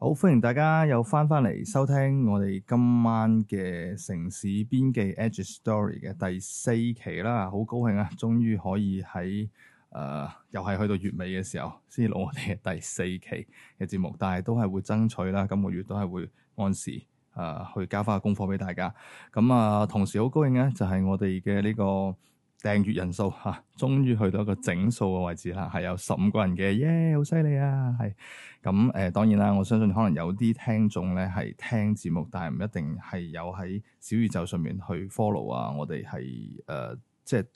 好，歡迎大家又翻翻嚟收聽我哋今晚嘅城事邊記 Edge Story 嘅第四期啦，好高興啊，終於可以喺誒、呃、又係去到月尾嘅時候，先攞我哋第四期嘅節目，但係都係會爭取啦，今個月都係會按時誒、呃、去交翻個功課俾大家。咁、嗯、啊、呃，同時好高興咧、啊，就係、是、我哋嘅呢個。訂閱人數嚇、啊，終於去到一個整數嘅位置啦，係有十五個人嘅，耶，好犀利啊！係咁誒，當然啦，我相信可能有啲聽眾咧係聽節目，但係唔一定係有喺小宇宙上面去 follow 啊。我哋係誒，即係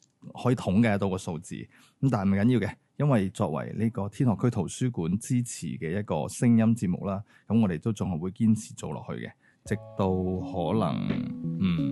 可以統計到個數字，咁但係唔緊要嘅，因為作為呢個天河區圖書館支持嘅一個聲音節目啦，咁我哋都仲係會堅持做落去嘅，直到可能嗯。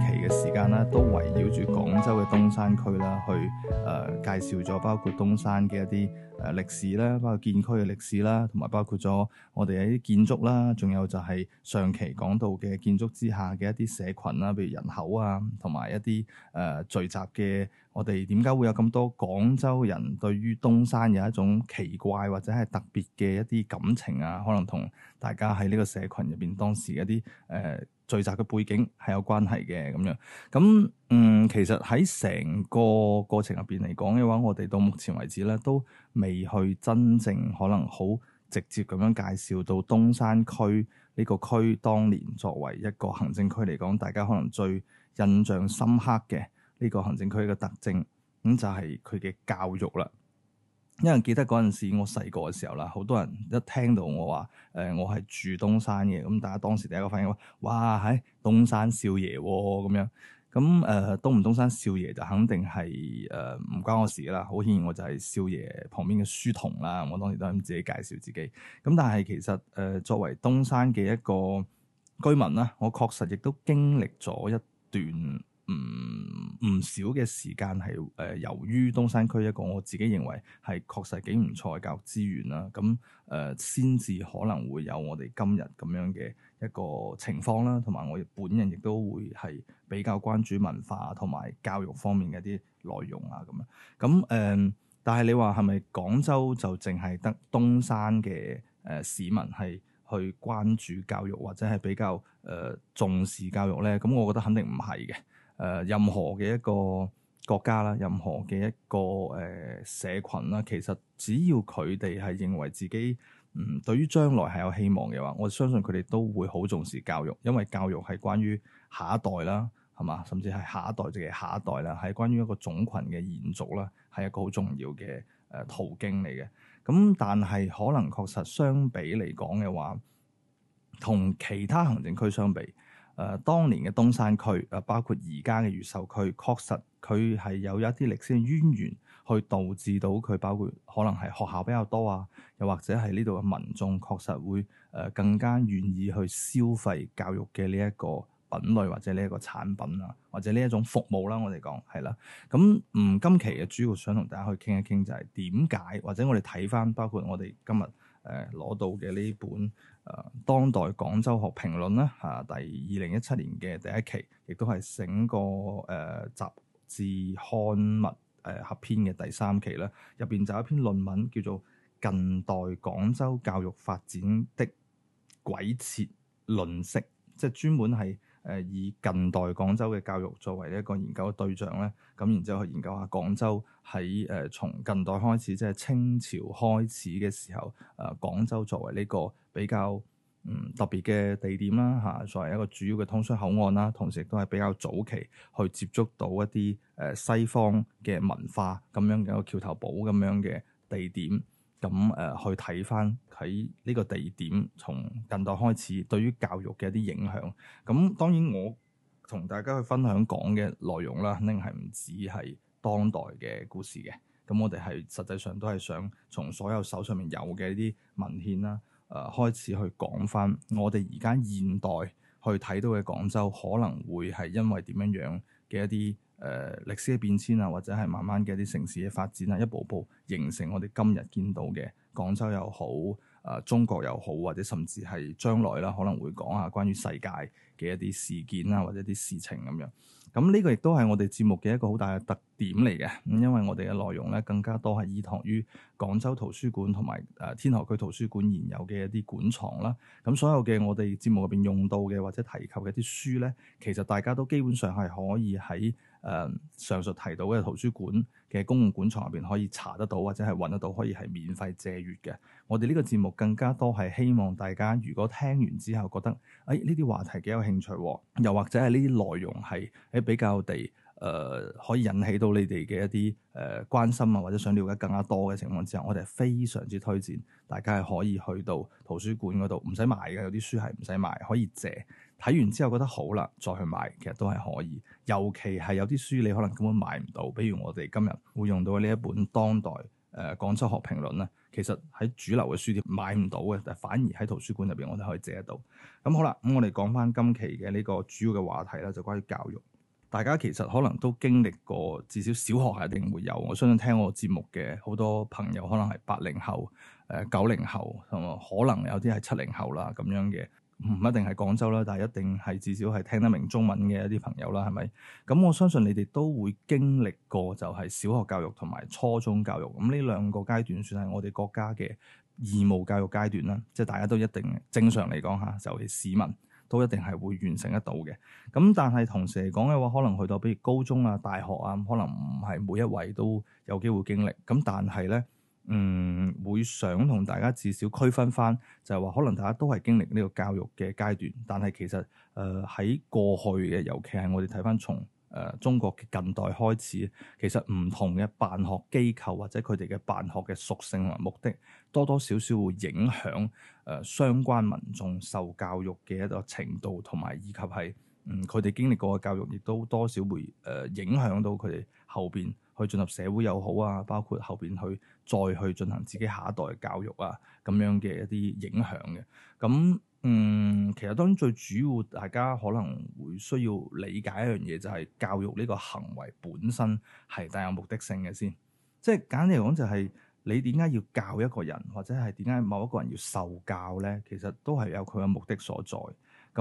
都圍繞住廣州嘅東山區啦，去誒、呃、介紹咗包括東山嘅一啲誒歷史啦，包括建區嘅歷史啦，同埋包括咗我哋一啲建築啦，仲有就係上期講到嘅建築之下嘅一啲社群啦，譬如人口啊，同埋一啲誒、呃、聚集嘅，我哋點解會有咁多廣州人對於東山有一種奇怪或者係特別嘅一啲感情啊？可能同大家喺呢個社群入邊當時一啲誒、呃、聚集嘅背景係有關係嘅咁樣。咁嗯，其實喺成個過程入邊嚟講嘅話，我哋到目前為止咧都未去真正可能好直接咁樣介紹到東山區呢個區當年作為一個行政區嚟講，大家可能最印象深刻嘅。呢個行政區嘅特徵，咁就係佢嘅教育啦。因為記得嗰陣時我細個嘅時候啦，好多人一聽到我話誒、呃、我係住東山嘅，咁大家當時第一個反應話、就是：哇，喺、哎、東山少爺喎咁樣。咁、嗯、誒、呃、東唔東山少爺就肯定係誒唔關我事啦。好顯然我就係少爺旁邊嘅書童啦。我當時都係咁自己介紹自己。咁、嗯、但係其實誒、呃、作為東山嘅一個居民啦，我確實亦都經歷咗一段。唔唔少嘅時間係誒、呃，由於東山區一個我自己認為係確實幾唔錯嘅教育資源啦、啊，咁誒先至可能會有我哋今日咁樣嘅一個情況啦、啊。同埋我本人亦都會係比較關注文化同、啊、埋教育方面嘅一啲內容啊咁樣。咁、嗯、誒、嗯，但係你話係咪廣州就淨係得東山嘅誒、呃、市民係去關注教育或者係比較誒、呃、重視教育咧？咁、嗯、我覺得肯定唔係嘅。誒任何嘅一個國家啦，任何嘅一個誒社群啦，其實只要佢哋係認為自己嗯對於將來係有希望嘅話，我相信佢哋都會好重視教育，因為教育係關於下一代啦，係嘛，甚至係下一代即係下一代啦，係關於一個種群嘅延續啦，係一個好重要嘅誒途徑嚟嘅。咁但係可能確實相比嚟講嘅話，同其他行政區相比。誒、呃，當年嘅東山區，誒、呃、包括而家嘅越秀區，確實佢係有一啲歷史嘅淵源，去導致到佢包括可能係學校比較多啊，又或者係呢度嘅民眾確實會誒、呃、更加願意去消費教育嘅呢一個品類或者呢一個產品啊，或者呢一種服務啦、啊。我哋講係啦，咁嗯，今期嘅主要想同大家去傾一傾就係點解，或者我哋睇返包括我哋今日。誒攞到嘅呢本誒、呃、當代廣州學評論啦嚇、啊，第二零一七年嘅第一期，亦都係整個誒、呃、雜誌刊物誒、呃、合編嘅第三期啦，入邊就有一篇論文叫做《近代廣州教育發展的軌跡論析》，即係專門係。誒以近代廣州嘅教育作為一個研究嘅對象咧，咁然之後去研究下廣州喺誒從近代開始，即係清朝開始嘅時候，誒、呃、廣州作為呢個比較嗯特別嘅地點啦，嚇作為一個主要嘅通商口岸啦，同時亦都係比較早期去接觸到一啲誒、呃、西方嘅文化咁樣嘅一個橋頭堡咁樣嘅地點。咁誒去睇翻喺呢個地點，從近代開始對於教育嘅一啲影響。咁當然我同大家去分享講嘅內容啦，肯定係唔止係當代嘅故事嘅。咁我哋係實際上都係想從所有手上面有嘅一啲文獻啦，誒、呃、開始去講翻我哋而家現代去睇到嘅廣州，可能會係因為點樣樣嘅一啲。誒、呃、歷史嘅變遷啊，或者係慢慢嘅一啲城市嘅發展啊，一步步形成我哋今日見到嘅廣州又好啊、呃，中國又好，或者甚至係將來啦，可能會講下關於世界嘅一啲事件啊，或者一啲事情咁樣。咁、嗯、呢、這個亦都係我哋節目嘅一個好大嘅特點嚟嘅。咁、嗯、因為我哋嘅內容咧，更加多係依託於廣州圖書館同埋誒天河區圖書館現有嘅一啲館藏啦。咁、嗯、所有嘅我哋節目入邊用到嘅或者提及嘅一啲書咧，其實大家都基本上係可以喺誒、嗯、上述提到嘅圖書館嘅公共館藏入邊可以查得到或者係揾得到，可以係免費借閲嘅。我哋呢個節目更加多係希望大家如果聽完之後覺得，誒呢啲話題幾有興趣，又或者係呢啲內容係誒比較地誒、呃、可以引起到你哋嘅一啲誒、呃、關心啊，或者想了解更加多嘅情況之下，我哋係非常之推薦大家係可以去到圖書館嗰度，唔使買㗎，有啲書係唔使買，可以借。睇完之後覺得好啦，再去買其實都係可以。尤其係有啲書你可能根本買唔到，比如我哋今日會用到嘅呢一本《當代誒廣州學評論》咧，其實喺主流嘅書店買唔到嘅，但反而喺圖書館入邊我哋可以借得到。咁、嗯、好啦，咁、嗯、我哋講翻今期嘅呢個主要嘅話題啦，就關於教育。大家其實可能都經歷過，至少小學係一定會有。我相信聽我節目嘅好多朋友，可能係八零後、誒九零後，同埋可能有啲係七零後啦咁樣嘅。唔一定係廣州啦，但係一定係至少係聽得明中文嘅一啲朋友啦，係咪？咁我相信你哋都會經歷過，就係小學教育同埋初中教育。咁呢兩個階段算係我哋國家嘅義務教育階段啦，即係大家都一定正常嚟講吓，就係市民都一定係會完成得到嘅。咁但係同時嚟講嘅話，可能去到比如高中啊、大學啊，可能唔係每一位都有機會經歷。咁但係咧。嗯，會想同大家至少區分翻，就係、是、話可能大家都係經歷呢個教育嘅階段，但係其實誒喺、呃、過去嘅，尤其係我哋睇翻從誒中國嘅近代開始，其實唔同嘅辦學機構或者佢哋嘅辦學嘅屬性同埋目的，多多少少會影響誒、呃、相關民眾受教育嘅一個程度，同埋以及係嗯佢哋經歷過嘅教育亦都多少會誒、呃、影響到佢哋後邊去進入社會又好啊，包括後邊去。再去進行自己下一代教育啊，咁樣嘅一啲影響嘅咁嗯，其實當然最主要，大家可能會需要理解一樣嘢，就係教育呢個行為本身係帶有目的性嘅先。即係簡單嚟講，就係你點解要教一個人，或者係點解某一個人要受教咧？其實都係有佢嘅目的所在。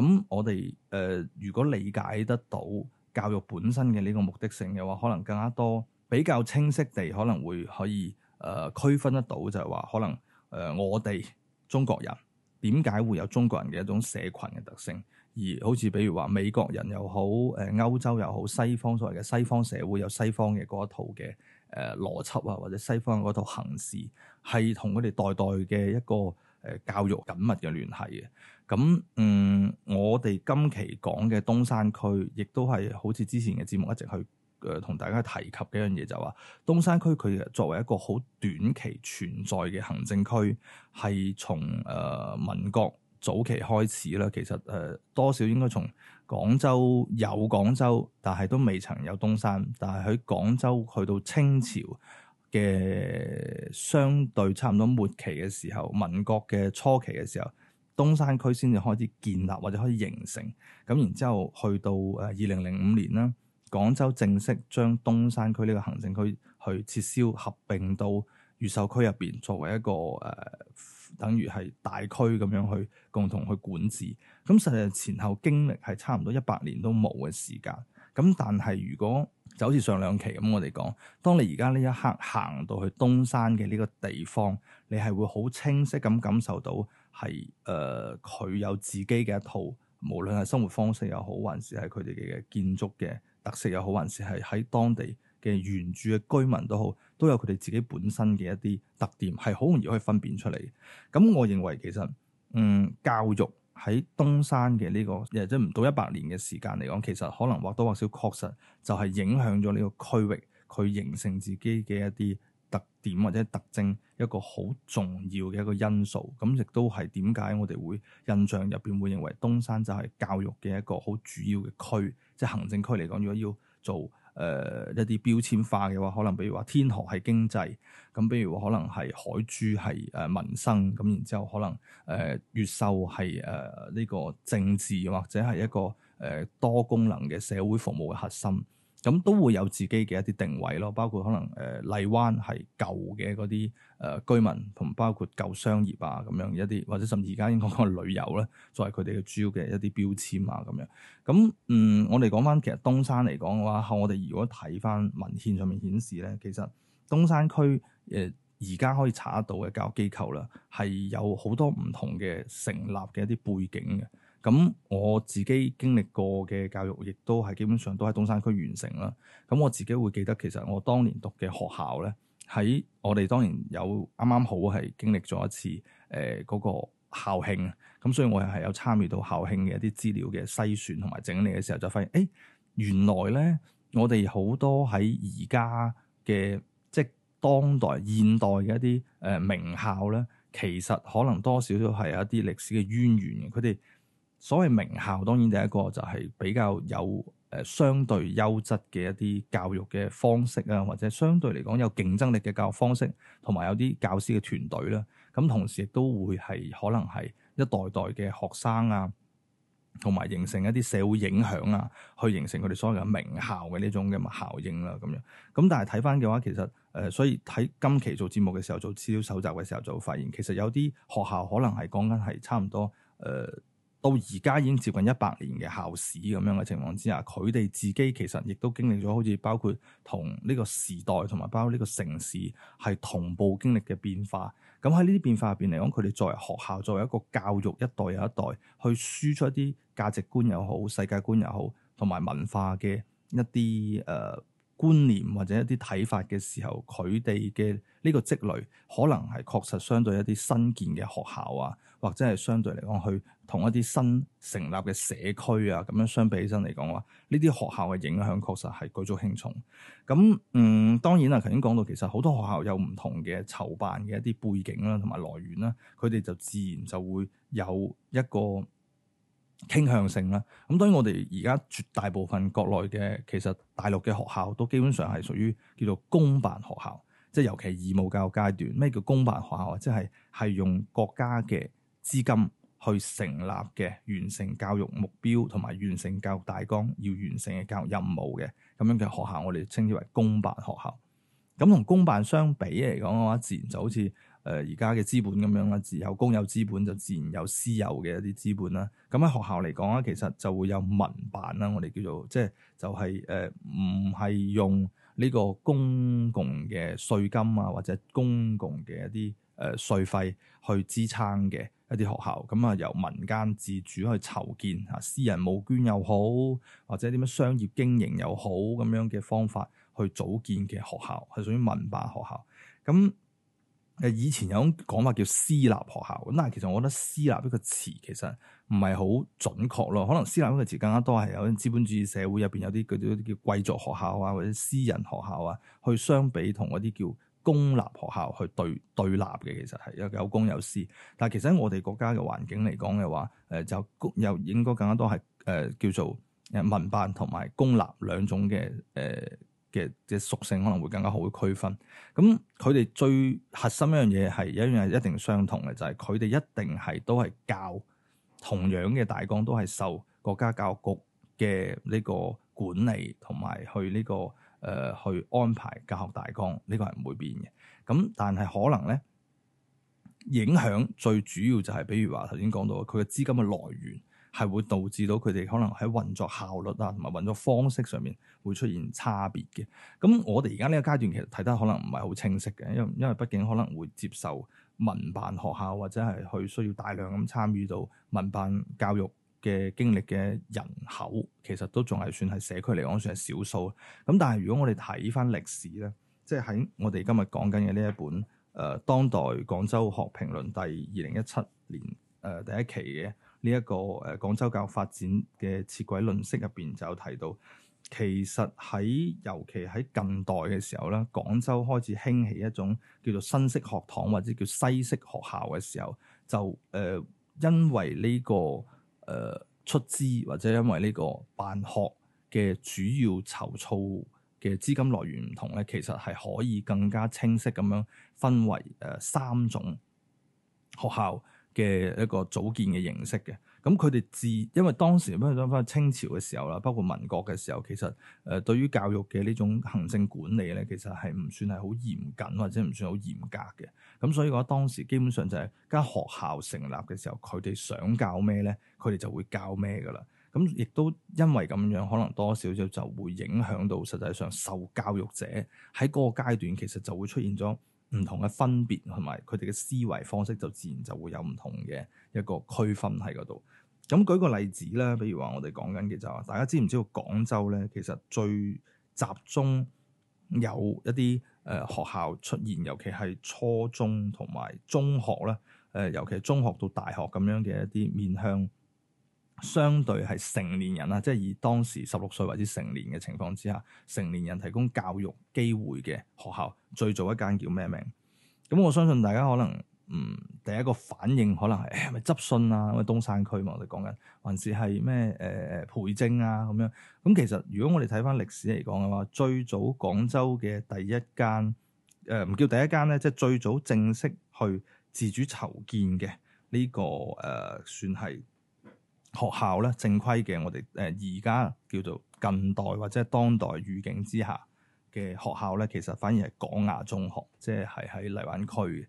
咁我哋誒，如果理解得到教育本身嘅呢個目的性嘅話，可能更加多比較清晰地可能會可以。誒、呃、區分得到就係話，可能誒、呃、我哋中國人點解會有中國人嘅一種社群嘅特性，而好似比如話美國人又好，誒、呃、歐洲又好，西方所謂嘅西方社會有西方嘅嗰一套嘅誒、呃、邏輯啊，或者西方嘅嗰套行事，係同佢哋代代嘅一個誒教育緊密嘅聯繫嘅。咁嗯，我哋今期講嘅東山區，亦都係好似之前嘅節目一直去。誒同大家提及嘅一樣嘢就話、是，東山區佢作為一個好短期存在嘅行政區，係從誒、呃、民國早期開始啦。其實誒、呃、多少應該從廣州有廣州，但係都未曾有東山。但係喺廣州去到清朝嘅相對差唔多末期嘅時候，民國嘅初期嘅時候，東山區先至開始建立或者開始形成。咁然之後去到誒二零零五年啦。廣州正式將東山區呢個行政區去撤銷，合併到越秀區入邊，作為一個誒、呃，等於係大區咁樣去共同去管治。咁、嗯、實際上，前後經歷係差唔多一百年都冇嘅時間。咁、嗯、但係如果就好似上兩期咁，我哋講，當你而家呢一刻行到去東山嘅呢個地方，你係會好清晰咁感受到係誒佢有自己嘅一套，無論係生活方式又好，還是係佢哋嘅建築嘅特色又好，還是係喺當地嘅原住嘅居民都好，都有佢哋自己本身嘅一啲特點，係好容易可以分辨出嚟。咁我認為其實，嗯，教育喺東山嘅呢、這個亦即係唔到一百年嘅時間嚟講，其實可能或多或少確實就係影響咗呢個區域，佢形成自己嘅一啲。點或者特徵，一個好重要嘅一個因素，咁亦都係點解我哋會印象入邊會認為東山就係教育嘅一個好主要嘅區，即係行政區嚟講，如果要做誒、呃、一啲標籤化嘅話，可能比如話天河係經濟，咁比如可能係海珠係誒民生，咁然之後可能誒呃、越秀係誒呢個政治或者係一個誒、呃、多功能嘅社會服務嘅核心。咁都會有自己嘅一啲定位咯，包括可能誒、呃、荔灣係舊嘅嗰啲誒居民同包括舊商業啊咁樣一啲，或者甚至而家應該講旅遊咧，作為佢哋嘅主要嘅一啲標籤啊咁樣。咁嗯，我哋講翻其實東山嚟講嘅話，我哋如果睇翻文獻上面顯示咧，其實東山區誒而家可以查得到嘅教育機構啦，係有好多唔同嘅成立嘅一啲背景嘅。咁我自己經歷過嘅教育，亦都係基本上都喺東山區完成啦。咁我自己會記得，其實我當年讀嘅學校咧，喺我哋當年有啱啱好係經歷咗一次誒嗰、呃那個校慶，咁所以我又係有參與到校慶嘅一啲資料嘅篩選同埋整理嘅時候，就發現誒、欸、原來咧我哋好多喺而家嘅即係當代現代嘅一啲誒、呃、名校咧，其實可能多少少係有一啲歷史嘅淵源嘅，佢哋。所謂名校，當然第一個就係、是、比較有誒、呃、相對優質嘅一啲教育嘅方式啊，或者相對嚟講有競爭力嘅教育方式，同埋有啲教師嘅團隊啦。咁同時亦都會係可能係一代代嘅學生啊，同埋形成一啲社會影響啊，去形成佢哋所謂嘅名校嘅呢種嘅效應啦。咁、啊、樣咁但係睇返嘅話，其實誒、呃、所以睇今期做節目嘅時候，做資料搜集嘅時候就會發現，其實有啲學校可能係講緊係差唔多誒、呃到而家已經接近一百年嘅校史咁樣嘅情況之下，佢哋自己其實亦都經歷咗好似包括同呢個時代同埋包括呢個城市係同步經歷嘅變化。咁喺呢啲變化入邊嚟講，佢哋作為學校，作為一個教育一代又一代去輸出一啲價值觀又好、世界觀又好同埋文化嘅一啲誒、呃、觀念或者一啲睇法嘅時候，佢哋嘅呢個積累可能係確實相對一啲新建嘅學校啊，或者係相對嚟講去。同一啲新成立嘅社區啊，咁樣相比起身嚟講話，呢啲學校嘅影響確實係舉足輕重。咁嗯，當然啦，頭先講到其實好多學校有唔同嘅籌辦嘅一啲背景啦、啊，同埋來源啦、啊，佢哋就自然就會有一個傾向性啦、啊。咁、嗯、當然我哋而家絕大部分國內嘅其實大陸嘅學校都基本上係屬於叫做公辦學校，即係尤其義務教育階段咩叫公辦學校、啊？即係係用國家嘅資金。去成立嘅，完成教育目標同埋完成教育大綱要完成嘅教育任務嘅咁樣嘅學校，我哋稱之為公辦學校。咁同公辦相比嚟講嘅話，自然就好似誒而家嘅資本咁樣啦，自有公有資本就自然有私有嘅一啲資本啦。咁喺學校嚟講咧，其實就會有民辦啦。我哋叫做即係就係誒唔係用呢個公共嘅稅金啊，或者公共嘅一啲。誒稅費去支撐嘅一啲學校，咁啊由民間自主去籌建啊，私人募捐又好，或者點樣商業經營又好咁樣嘅方法去組建嘅學校，係屬於民辦學校。咁誒以前有種講法叫私立學校，咁但係其實我覺得私立呢個詞其實唔係好準確咯，可能私立呢個詞更加多係有啲資本主義社會入邊有啲嗰啲叫貴族學校啊，或者私人學校啊，去相比同嗰啲叫。公立學校去對對立嘅，其實係有有公有私，但係其實喺我哋國家嘅環境嚟講嘅話，誒、呃、就公又應該更加多係誒、呃、叫做誒民辦同埋公立兩種嘅誒嘅嘅屬性可能會更加好區分。咁佢哋最核心一樣嘢係一樣係一定相同嘅，就係佢哋一定係都係教同樣嘅大綱，都係受國家教育局嘅呢個管理同埋去呢、呢個。誒、呃，去安排教學大綱呢、這個係唔會變嘅，咁、嗯、但係可能咧影響最主要就係、是、比如話頭先講到佢嘅資金嘅來源，係會導致到佢哋可能喺運作效率啊，同埋運作方式上面會出現差別嘅。咁、嗯、我哋而家呢個階段其實睇得可能唔係好清晰嘅，因為因為畢竟可能會接受民辦學校或者係去需要大量咁參與到民辦教育。嘅經歷嘅人口其實都仲係算係社區嚟講算係少數咁，但係如果我哋睇翻歷史咧，即係喺我哋今日講緊嘅呢一本誒、呃《當代廣州學評論》第二零一七年誒第一期嘅呢一個誒、呃、廣州教育發展嘅設計論式入邊，就有提到，其實喺尤其喺近代嘅時候咧，廣州開始興起一種叫做新式學堂或者叫西式學校嘅時候，就誒、呃、因為呢、呢個。誒出資或者因為呢個辦學嘅主要籌措嘅資金來源唔同咧，其實係可以更加清晰咁樣分為誒三種學校。嘅一個組建嘅形式嘅，咁佢哋自因為當時比如講返清朝嘅時候啦，包括民國嘅時候，其實誒、呃、對於教育嘅呢種行政管理咧，其實係唔算係好嚴謹或者唔算好嚴格嘅，咁、嗯、所以嘅話當時基本上就係、是、間學校成立嘅時候，佢哋想教咩咧，佢哋就會教咩噶啦，咁、嗯、亦都因為咁樣，可能多少少就會影響到實際上受教育者喺個階段，其實就會出現咗。唔同嘅分別同埋佢哋嘅思維方式就自然就會有唔同嘅一個區分喺嗰度。咁舉個例子啦，比如話我哋講緊嘅就係，大家知唔知道廣州咧？其實最集中有一啲誒學校出現，尤其係初中同埋中學咧，誒尤其係中學到大學咁樣嘅一啲面向。相對係成年人啦，即係以當時十六歲或者成年嘅情況之下，成年人提供教育機會嘅學校最早一間叫咩名？咁我相信大家可能嗯第一個反應可能係咪執信啦，因為東山區嘛我哋講緊，還是係咩誒誒培正啊咁樣？咁其實如果我哋睇翻歷史嚟講嘅話，最早廣州嘅第一間誒唔、呃、叫第一間咧，即係最早正式去自主籌建嘅呢、這個誒、呃、算係。學校咧，正規嘅，我哋誒而家叫做近代或者係當代語境之下嘅學校咧，其實反而係廣雅中學，即係喺荔灣區嘅。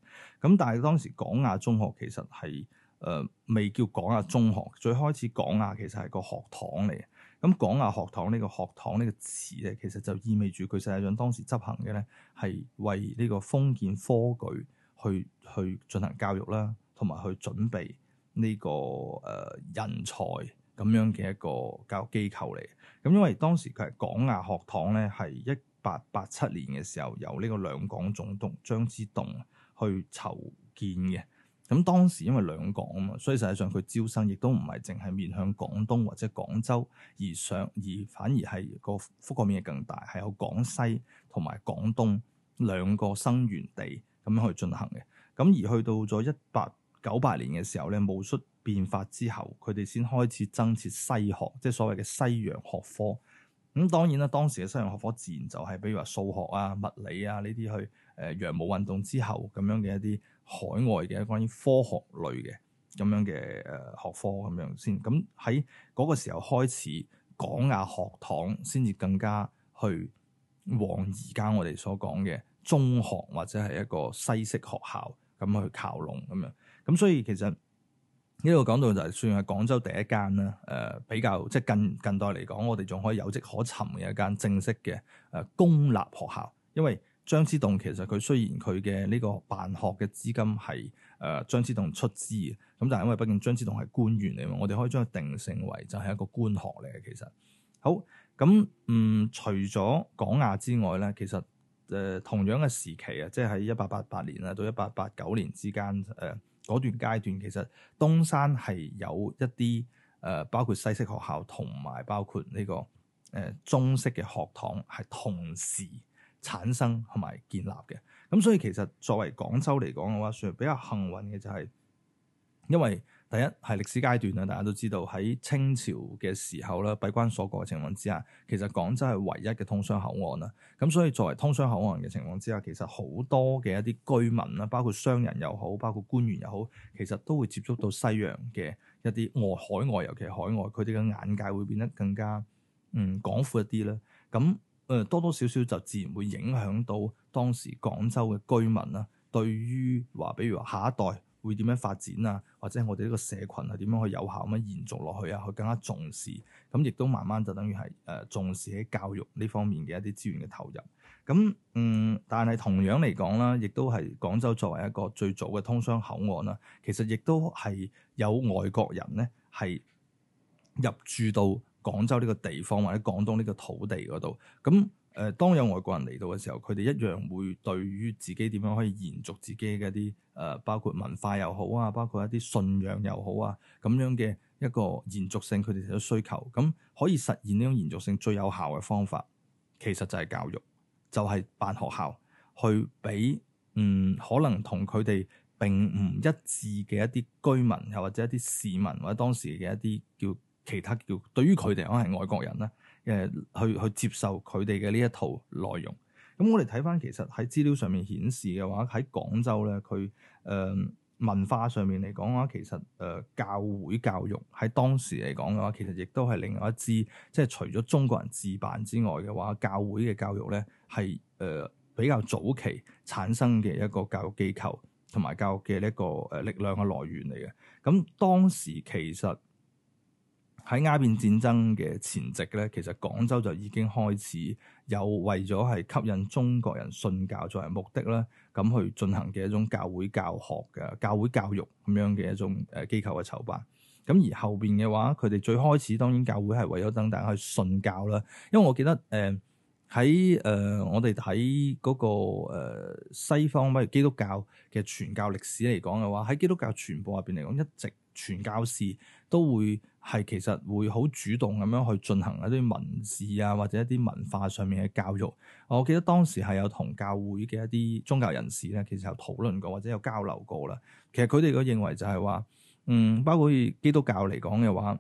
咁但係當時廣雅中學其實係誒、呃、未叫廣雅中學，最開始廣雅其實係個學堂嚟。咁、嗯、廣雅學堂呢個學堂呢個詞咧，其實就意味住佢實際上當時執行嘅咧，係為呢個封建科舉去去進行教育啦，同埋去準備。呢、這個誒、呃、人才咁樣嘅一個教育機構嚟，咁因為當時佢係廣雅學堂咧，係一八八七年嘅時候由呢個兩廣總督張之洞去籌建嘅。咁當時因為兩廣啊嘛，所以實際上佢招生亦都唔係淨係面向廣東或者廣州而上，而反而係個覆蓋面係更大，係有廣西同埋廣東兩個生源地咁樣去進行嘅。咁而去到咗一八九八年嘅時候咧，戊戌變法之後，佢哋先開始增設西學，即係所謂嘅西洋學科。咁、嗯、當然啦，當時嘅西洋學科自然就係、是、比如話數學啊、物理啊呢啲去誒洋務運動之後咁樣嘅一啲海外嘅關於科學類嘅咁樣嘅誒學科咁樣先。咁喺嗰個時候開始，廣雅學堂先至更加去往而家我哋所講嘅中學或者係一個西式學校咁去靠攏咁樣。咁所以其實呢度講到就係算係廣州第一間啦，誒、呃、比較即係近近代嚟講，我哋仲可以有跡可尋嘅一間正式嘅誒、呃、公立學校。因為張之洞其實佢雖然佢嘅呢個辦學嘅資金係誒、呃、張之洞出資嘅，咁但係因為畢竟張之洞係官員嚟嘛，我哋可以將佢定性為就係一個官學嚟嘅。其實好咁嗯，除咗廣雅之外咧，其實誒、呃、同樣嘅時期啊，即係喺一八八八年啊到一八八九年之間誒。呃嗰段階段其實東山係有一啲誒、呃，包括西式學校同埋包括呢、這個誒、呃、中式嘅學堂係同時產生同埋建立嘅，咁所以其實作為廣州嚟講嘅話，算係比較幸運嘅就係，因為。第一係歷史階段啦，大家都知道喺清朝嘅時候咧，閉關鎖國嘅情況之下，其實廣州係唯一嘅通商口岸啦。咁所以作為通商口岸嘅情況之下，其實好多嘅一啲居民啦，包括商人又好，包括官員又好，其實都會接觸到西洋嘅一啲外海外，尤其係海外，佢哋嘅眼界會變得更加嗯廣闊一啲啦。咁誒、呃、多多少少就自然會影響到當時廣州嘅居民啦，對於話，比如話下一代。會點樣發展啊？或者我哋呢個社群係點樣去有效咁樣延續落去啊？去更加重視，咁亦都慢慢就等於係誒重視喺教育呢方面嘅一啲資源嘅投入。咁嗯，但係同樣嚟講啦，亦都係廣州作為一個最早嘅通商口岸啦，其實亦都係有外國人咧係入住到廣州呢個地方或者廣東呢個土地嗰度。咁誒、呃，當有外國人嚟到嘅時候，佢哋一樣會對於自己點樣可以延續自己嘅一啲誒、呃，包括文化又好啊，包括一啲信仰又好啊，咁樣嘅一個延續性，佢哋有需求。咁可以實現呢種延續性最有效嘅方法，其實就係教育，就係、是、辦學校去俾嗯，可能同佢哋並唔一致嘅一啲居民，又或者一啲市民，或者當時嘅一啲叫其他叫，對於佢哋可能係外國人啦。誒去去接受佢哋嘅呢一套內容，咁我哋睇翻其實喺資料上面顯示嘅話，喺廣州咧，佢誒、呃、文化上面嚟講嘅話，其實誒教會教育喺當時嚟講嘅話，其實亦都係另外一支，即係除咗中國人自辦之外嘅話，教會嘅教育咧係誒比較早期產生嘅一個教育機構同埋教育嘅一個誒力量嘅來源嚟嘅。咁當時其實。喺鴉片戰爭嘅前夕咧，其實廣州就已經開始有為咗係吸引中國人信教作為目的啦。咁去進行嘅一種教會教學嘅教會教育咁樣嘅一種誒、呃、機構嘅籌辦。咁而後邊嘅話，佢哋最開始當然教會係為咗等大家去信教啦。因為我記得誒喺誒我哋喺嗰個、呃、西方，比如基督教嘅傳教歷史嚟講嘅話，喺基督教傳播入邊嚟講一直。全教士都會係其實會好主動咁樣去進行一啲文字啊，或者一啲文化上面嘅教育。我記得當時係有同教會嘅一啲宗教人士咧，其實有討論過或者有交流過啦。其實佢哋都認為就係話，嗯，包括基督教嚟講嘅話，誒、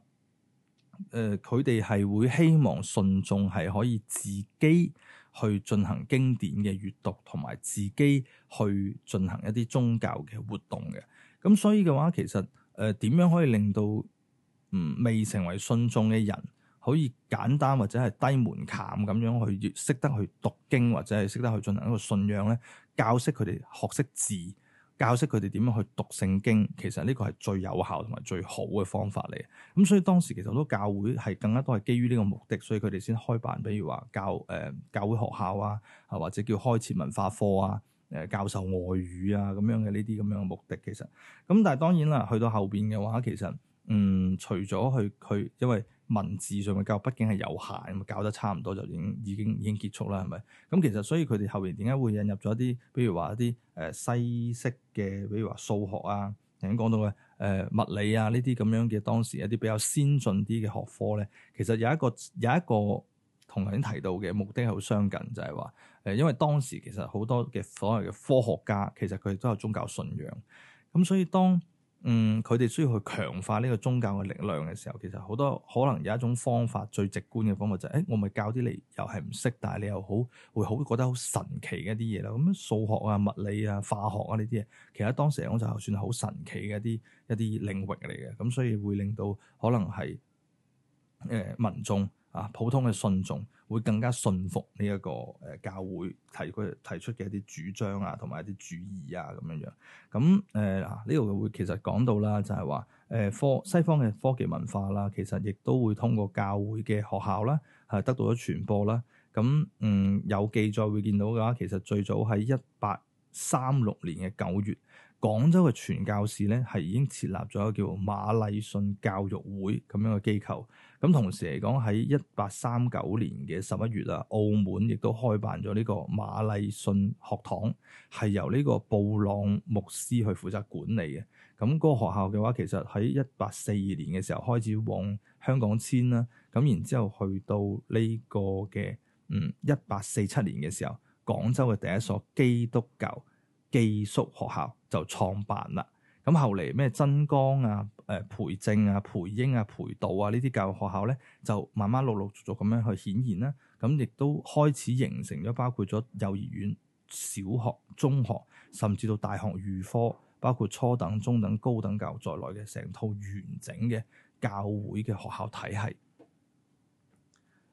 呃，佢哋係會希望信眾係可以自己去進行經典嘅閱讀，同埋自己去進行一啲宗教嘅活動嘅。咁所以嘅話，其實。誒點、呃、樣可以令到唔、嗯、未成為信眾嘅人可以簡單或者係低門檻咁樣去識得去讀經或者係識得去進行一個信仰咧？教識佢哋學識字，教識佢哋點樣去讀聖經，其實呢個係最有效同埋最好嘅方法嚟。咁、嗯、所以當時其實好多教會係更加多係基於呢個目的，所以佢哋先開辦，比如話教誒、呃、教會學校啊，或者叫開設文化課啊。誒教授外語啊，咁樣嘅呢啲咁樣嘅目的其實，咁但係當然啦，去到後邊嘅話，其實嗯，除咗去佢因為文字上嘅教育畢竟係有限，咁搞得差唔多就已經已經已經結束啦，係咪？咁其實所以佢哋後邊點解會引入咗一啲，比如話一啲誒西式嘅，比如話數學啊，頭先講到嘅誒、呃、物理啊，呢啲咁樣嘅當時一啲比較先進啲嘅學科咧，其實有一個有一個。同頭先提到嘅目的係好相近，就係話誒，因為當時其實好多嘅所謂嘅科學家，其實佢哋都有宗教信仰，咁所以當嗯佢哋需要去強化呢個宗教嘅力量嘅時候，其實好多可能有一種方法，最直觀嘅方法就係、是、誒、欸，我咪教啲你，你又係唔識，但係你又好會好覺得好神奇嘅一啲嘢啦。咁數學啊、物理啊、化學啊呢啲嘢，其實當時嚟講就算係好神奇嘅一啲一啲領域嚟嘅，咁所以會令到可能係誒、呃、民眾。啊，普通嘅信眾會更加信服呢、這、一個誒、呃、教會提佢提出嘅一啲主張啊，同埋一啲主意啊咁樣樣。咁、嗯、誒，呢、呃、度、啊、會其實講到啦，就係話誒科西方嘅科技文化啦，其實亦都會通過教會嘅學校啦，係、啊、得到咗傳播啦。咁、啊、嗯有記載會見到嘅話，其實最早喺一八三六年嘅九月，廣州嘅傳教士咧係已經設立咗一個叫馬禮遜教育會咁樣嘅機構。咁同時嚟講，喺一八三九年嘅十一月啊，澳門亦都開辦咗呢個馬禮信學堂，係由呢個布朗牧師去負責管理嘅。咁、那、嗰個學校嘅話，其實喺一八四二年嘅時候開始往香港遷啦。咁然之後去到呢個嘅嗯一八四七年嘅時候，廣州嘅第一所基督教寄宿學校就創辦啦。咁後嚟咩真光啊、誒培正啊、培英啊、培道啊呢啲教育學校咧，就慢慢陸陸續續咁樣去顯現啦。咁亦都開始形成咗包括咗幼兒園、小學、中學，甚至到大學預科，包括初等、中等、高等教育在內嘅成套完整嘅教會嘅學校體系。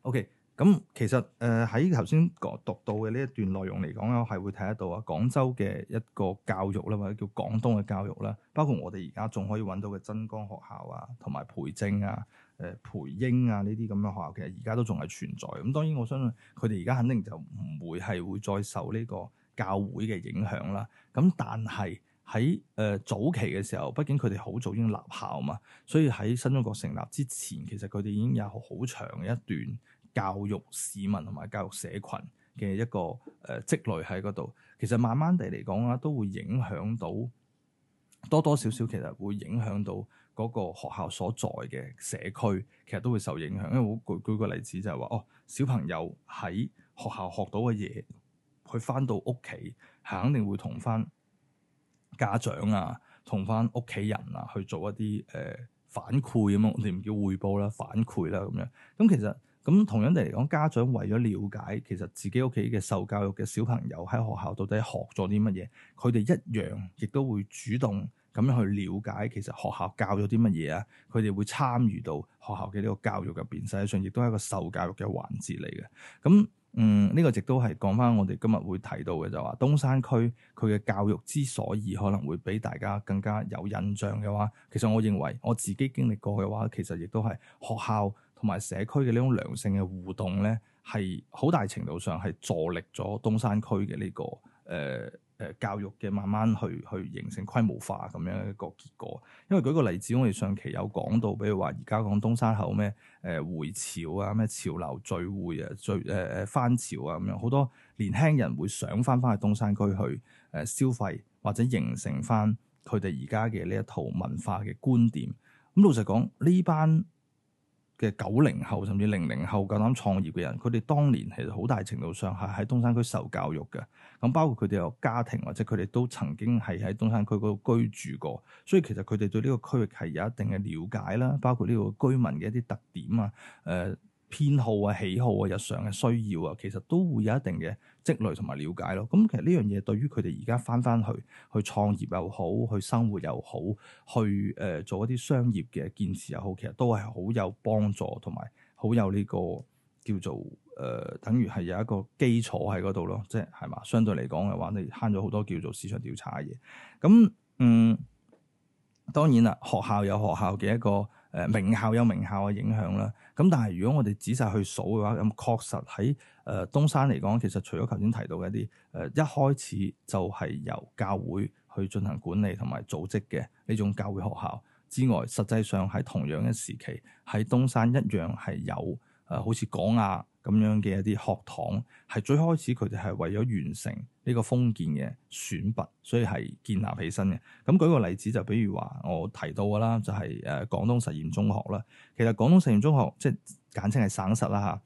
OK。咁其實誒喺頭先讀到嘅呢一段內容嚟講，我係會睇得到啊，廣州嘅一個教育啦，或者叫廣東嘅教育啦，包括我哋而家仲可以揾到嘅真光學校啊，同埋培正啊、誒、呃、培英啊呢啲咁嘅學校，其實而家都仲係存在。咁當然我相信佢哋而家肯定就唔會係會再受呢個教會嘅影響啦。咁但係喺誒早期嘅時候，畢竟佢哋好早已經立校嘛，所以喺新中國成立之前，其實佢哋已經有好長嘅一段。教育市民同埋教育社群嘅一個誒積累喺嗰度，其實慢慢地嚟講啦，都會影響到多多少少，其實會影響到嗰個學校所在嘅社區，其實都會受影響。因為我舉舉個例子就係話，哦，小朋友喺學校學到嘅嘢，佢翻到屋企肯定會同翻家長啊，同翻屋企人啊去做一啲誒、呃、反饋咁樣，你唔叫匯報啦，反饋啦咁樣，咁、嗯、其實。咁同樣地嚟講，家長為咗了解其實自己屋企嘅受教育嘅小朋友喺學校到底學咗啲乜嘢，佢哋一樣亦都會主動咁樣去了解其實學校教咗啲乜嘢啊，佢哋會參與到學校嘅呢個教育入邊，實際上亦都係一個受教育嘅環節嚟嘅。咁嗯，呢個亦都係講翻我哋今日會提到嘅就話，東山區佢嘅教育之所以可能會畀大家更加有印象嘅話，其實我認為我自己經歷過嘅話，其實亦都係學校，同埋社區嘅呢種良性嘅互動咧，係好大程度上係助力咗東山區嘅呢、這個誒誒、呃呃、教育嘅慢慢去去形成規模化咁樣一個結果。因為舉個例子，我哋上期有講到，比如話而家講東山口咩誒回潮啊，咩潮流聚會啊，聚誒誒翻潮啊咁樣，好多年輕人會想翻翻去東山區去誒、呃、消費，或者形成翻佢哋而家嘅呢一套文化嘅觀點。咁、嗯、老實講，呢班，嘅九零後甚至零零後夠膽創業嘅人，佢哋當年其實好大程度上係喺東山區受教育嘅，咁包括佢哋有家庭或者佢哋都曾經係喺東山區嗰度居住過，所以其實佢哋對呢個區域係有一定嘅了解啦，包括呢個居民嘅一啲特點啊，誒、呃。偏好啊、喜好啊、日常嘅需要啊，其實都會有一定嘅積累同埋了解咯。咁、嗯、其實呢樣嘢對於佢哋而家翻翻去去創業又好，去生活又好，去誒、呃、做一啲商業嘅建設又好，其實都係好有幫助同埋好有呢、呢個叫做誒、呃、等於係有一個基礎喺嗰度咯，即係係嘛。相對嚟講嘅話，你慳咗好多叫做市場調查嘅嘢。咁嗯，當然啦，學校有學校嘅一個。誒名校有名校嘅影響啦，咁但係如果我哋仔細去數嘅話，咁確實喺誒東山嚟講，其實除咗頭先提到嘅一啲誒一開始就係由教會去進行管理同埋組織嘅呢種教會學校之外，實際上喺同樣嘅時期喺東山一樣係有誒好似港亞。咁樣嘅一啲學堂，係最開始佢哋係為咗完成呢個封建嘅選拔，所以係建立起身嘅。咁舉個例子就比如話，我提到嘅啦，就係、是、誒、呃、廣東實驗中學啦。其實廣東實驗中學即係簡稱係省實啦嚇。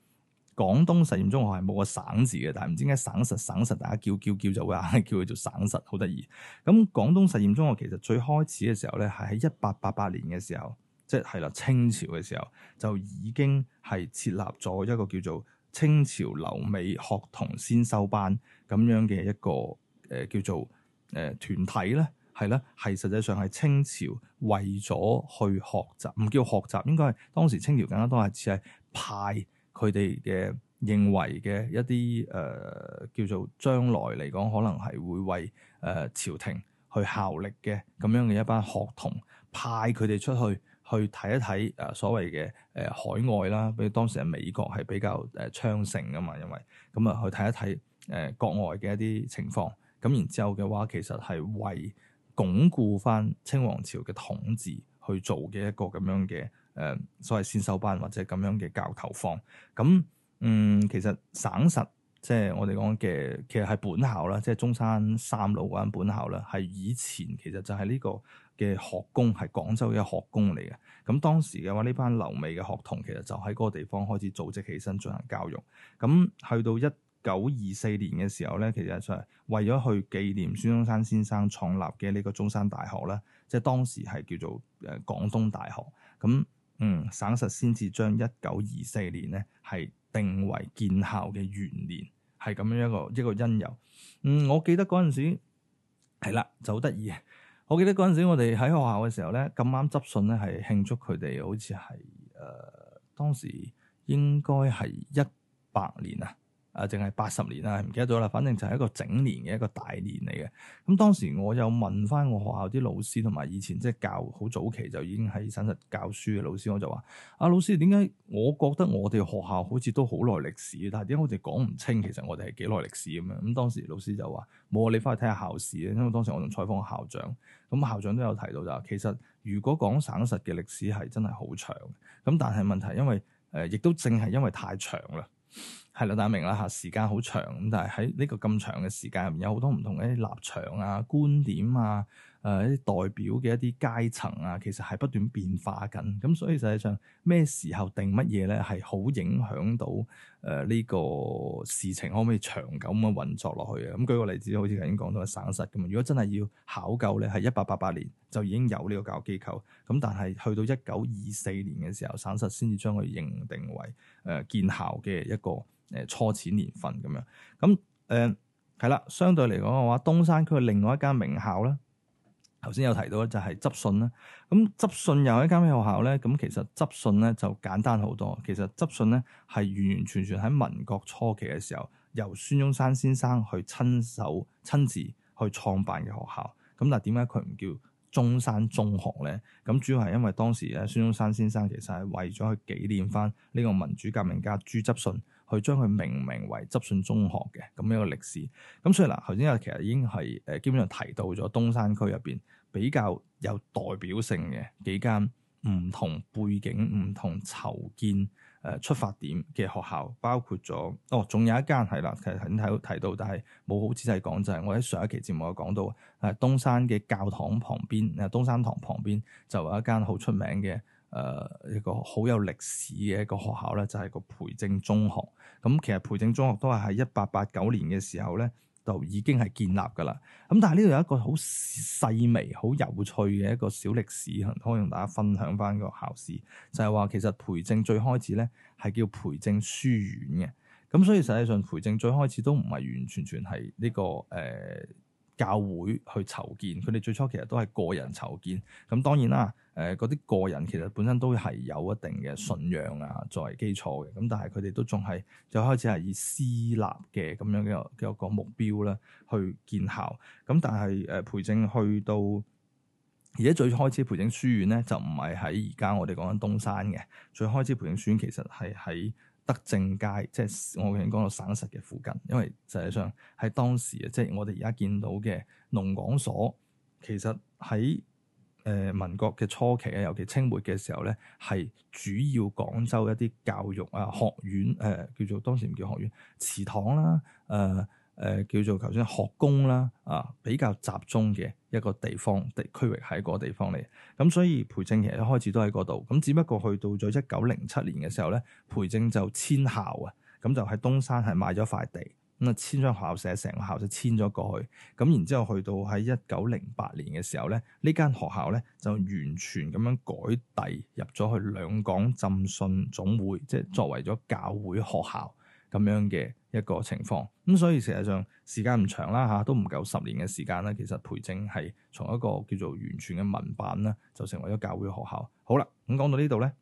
廣東實驗中學係冇個省字嘅，但係唔知點解省實省實，省實，大家叫叫叫就會叫佢做省實，好得意。咁廣東實驗中學其實最開始嘅時候咧，係喺一八八八年嘅時候。即係啦，清朝嘅時候就已經係設立咗一個叫做清朝留美學童先修班咁樣嘅一個誒、呃、叫做誒、呃、團體咧，係咧，係實際上係清朝為咗去學習，唔叫學習，應該係當時清朝更加多係只係派佢哋嘅認為嘅一啲誒、呃、叫做將來嚟講可能係會為誒、呃、朝廷去效力嘅咁樣嘅一班學童派佢哋出去。去睇一睇誒所謂嘅誒海外啦，比如當時係美國係比較誒昌盛噶嘛，因為咁啊，去睇一睇誒國外嘅一啲情況，咁然之後嘅話其實係為鞏固返清王朝嘅統治去做嘅一個咁樣嘅誒所謂先修班或者咁樣嘅教投放，咁嗯其實省實。即係我哋講嘅，其實係本校啦，即係中山三路嗰間本校啦，係以前其實就係呢個嘅學宮，係廣州嘅學宮嚟嘅。咁當時嘅話，呢班留美嘅學童其實就喺嗰個地方開始組織起身進行教育。咁去到一九二四年嘅時候咧，其實就係為咗去紀念孫中山先生創立嘅呢個中山大學啦，即係當時係叫做誒廣東大學。咁嗯，省實先至將一九二四年咧係。定為建校嘅元年，係咁樣一個一個因由。嗯，我記得嗰陣時係啦，就好得意。我記得嗰陣時我哋喺學校嘅時候咧，咁啱執信咧係慶祝佢哋，好似係誒當時應該係一百年啊！啊，淨係八十年啦，啊，唔記得咗啦。反正就係一個整年嘅一個大年嚟嘅。咁、嗯、當時我又問翻我學校啲老師，同埋以前即係教好早期就已經喺省實教書嘅老師，我就話：，阿、啊、老師點解我覺得我哋學校好似都好耐歷史，但係點解我哋講唔清其實我哋係幾耐歷史咁樣？咁、嗯、當時老師就話冇啊，你翻去睇下校史啊。因為當時我仲採訪校長，咁、嗯、校長都有提到就話、是，其實如果講省實嘅歷史係真係好長，咁、嗯、但係問題因為誒，亦、呃、都正係因為太長啦。係啦，大家明啦吓，時間好長咁，但係喺呢個咁長嘅時間入面，有好多唔同嘅立場啊、觀點啊。誒啲、呃、代表嘅一啲階層啊，其實係不斷變化緊。咁、嗯、所以實際上咩時候定乜嘢咧，係好影響到誒呢、呃這個事情可唔可以長久咁樣運作落去啊？咁、嗯、舉個例子，好似頭先講到省實咁嘛。如果真係要考究咧，係一八八八年就已經有呢個教育機構咁、嗯，但係去到一九二四年嘅時候，省實先至將佢認定為誒、呃、建校嘅一個誒、呃、初始年份咁樣。咁誒係啦，相對嚟講嘅話，東山區另外一間名校咧。頭先有提到咧，就係執信啦。咁執信又係一間咩學校咧？咁其實執信咧就簡單好多，其實執信咧係完完全全喺民國初期嘅時候，由孫中山先生去親手親自去創辦嘅學校。咁但係點解佢唔叫中山中學咧？咁主要係因為當時咧，孫中山先生其實係為咗去紀念返呢個民主革命家朱執信。佢將佢命名為執信中學嘅咁樣一個歷史，咁所以嗱頭先又其實已經係誒基本上提到咗東山區入邊比較有代表性嘅幾間唔同背景、唔同籌建誒出發點嘅學校，包括咗哦，仲有一間係啦，其實頭先提到但係冇好仔細講，就係、是、我喺上一期節目有講到啊，東山嘅教堂旁邊啊，東山堂旁邊就有一間好出名嘅。誒、呃、一個好有歷史嘅一個學校咧，就係、是、個培正中學。咁、嗯、其實培正中學都係喺一八八九年嘅時候咧，就已經係建立噶啦。咁、嗯、但係呢度有一個好細微、好有趣嘅一個小歷史，可能可以同大家分享翻個校史，就係、是、話其實培正最開始咧係叫培正書院嘅。咁、嗯、所以實際上培正最開始都唔係完全全係呢、這個誒。呃教會去籌建，佢哋最初其實都係個人籌建，咁當然啦，誒嗰啲個人其實本身都係有一定嘅信仰啊作為基礎嘅，咁但係佢哋都仲係最開始係以私立嘅咁樣嘅一,一個目標啦去建校，咁但係誒、呃、培正去到而家最開始培正書院咧就唔係喺而家我哋講緊東山嘅，最開始培正書院其實係喺。德政街，即係我頭先講到省實嘅附近，因為實際上喺當時啊，即係我哋而家見到嘅農講所，其實喺誒、呃、民國嘅初期啊，尤其清末嘅時候咧，係主要廣州一啲教育啊、學院、誒、呃、叫做當時唔叫學院、祠堂啦、誒、呃、誒叫做頭先學宮啦啊，比較集中嘅。一個地方地區域喺嗰個地方嚟，咁所以培正其實一開始都喺嗰度，咁只不過去到咗一九零七年嘅時候咧，培正就遷校啊，咁就喺東山係買咗塊地，咁啊遷張學校寫成個校就遷咗過去，咁然之後去到喺一九零八年嘅時候咧，呢間學校咧就完全咁樣改隸入咗去兩廣浸信總會，即係作為咗教會學校咁樣嘅。一個情況咁，所以實際上時間唔長啦嚇，都唔夠十年嘅時間啦。其實培正係從一個叫做完全嘅民辦啦，就成為咗教會學校。好啦，咁講到呢度咧，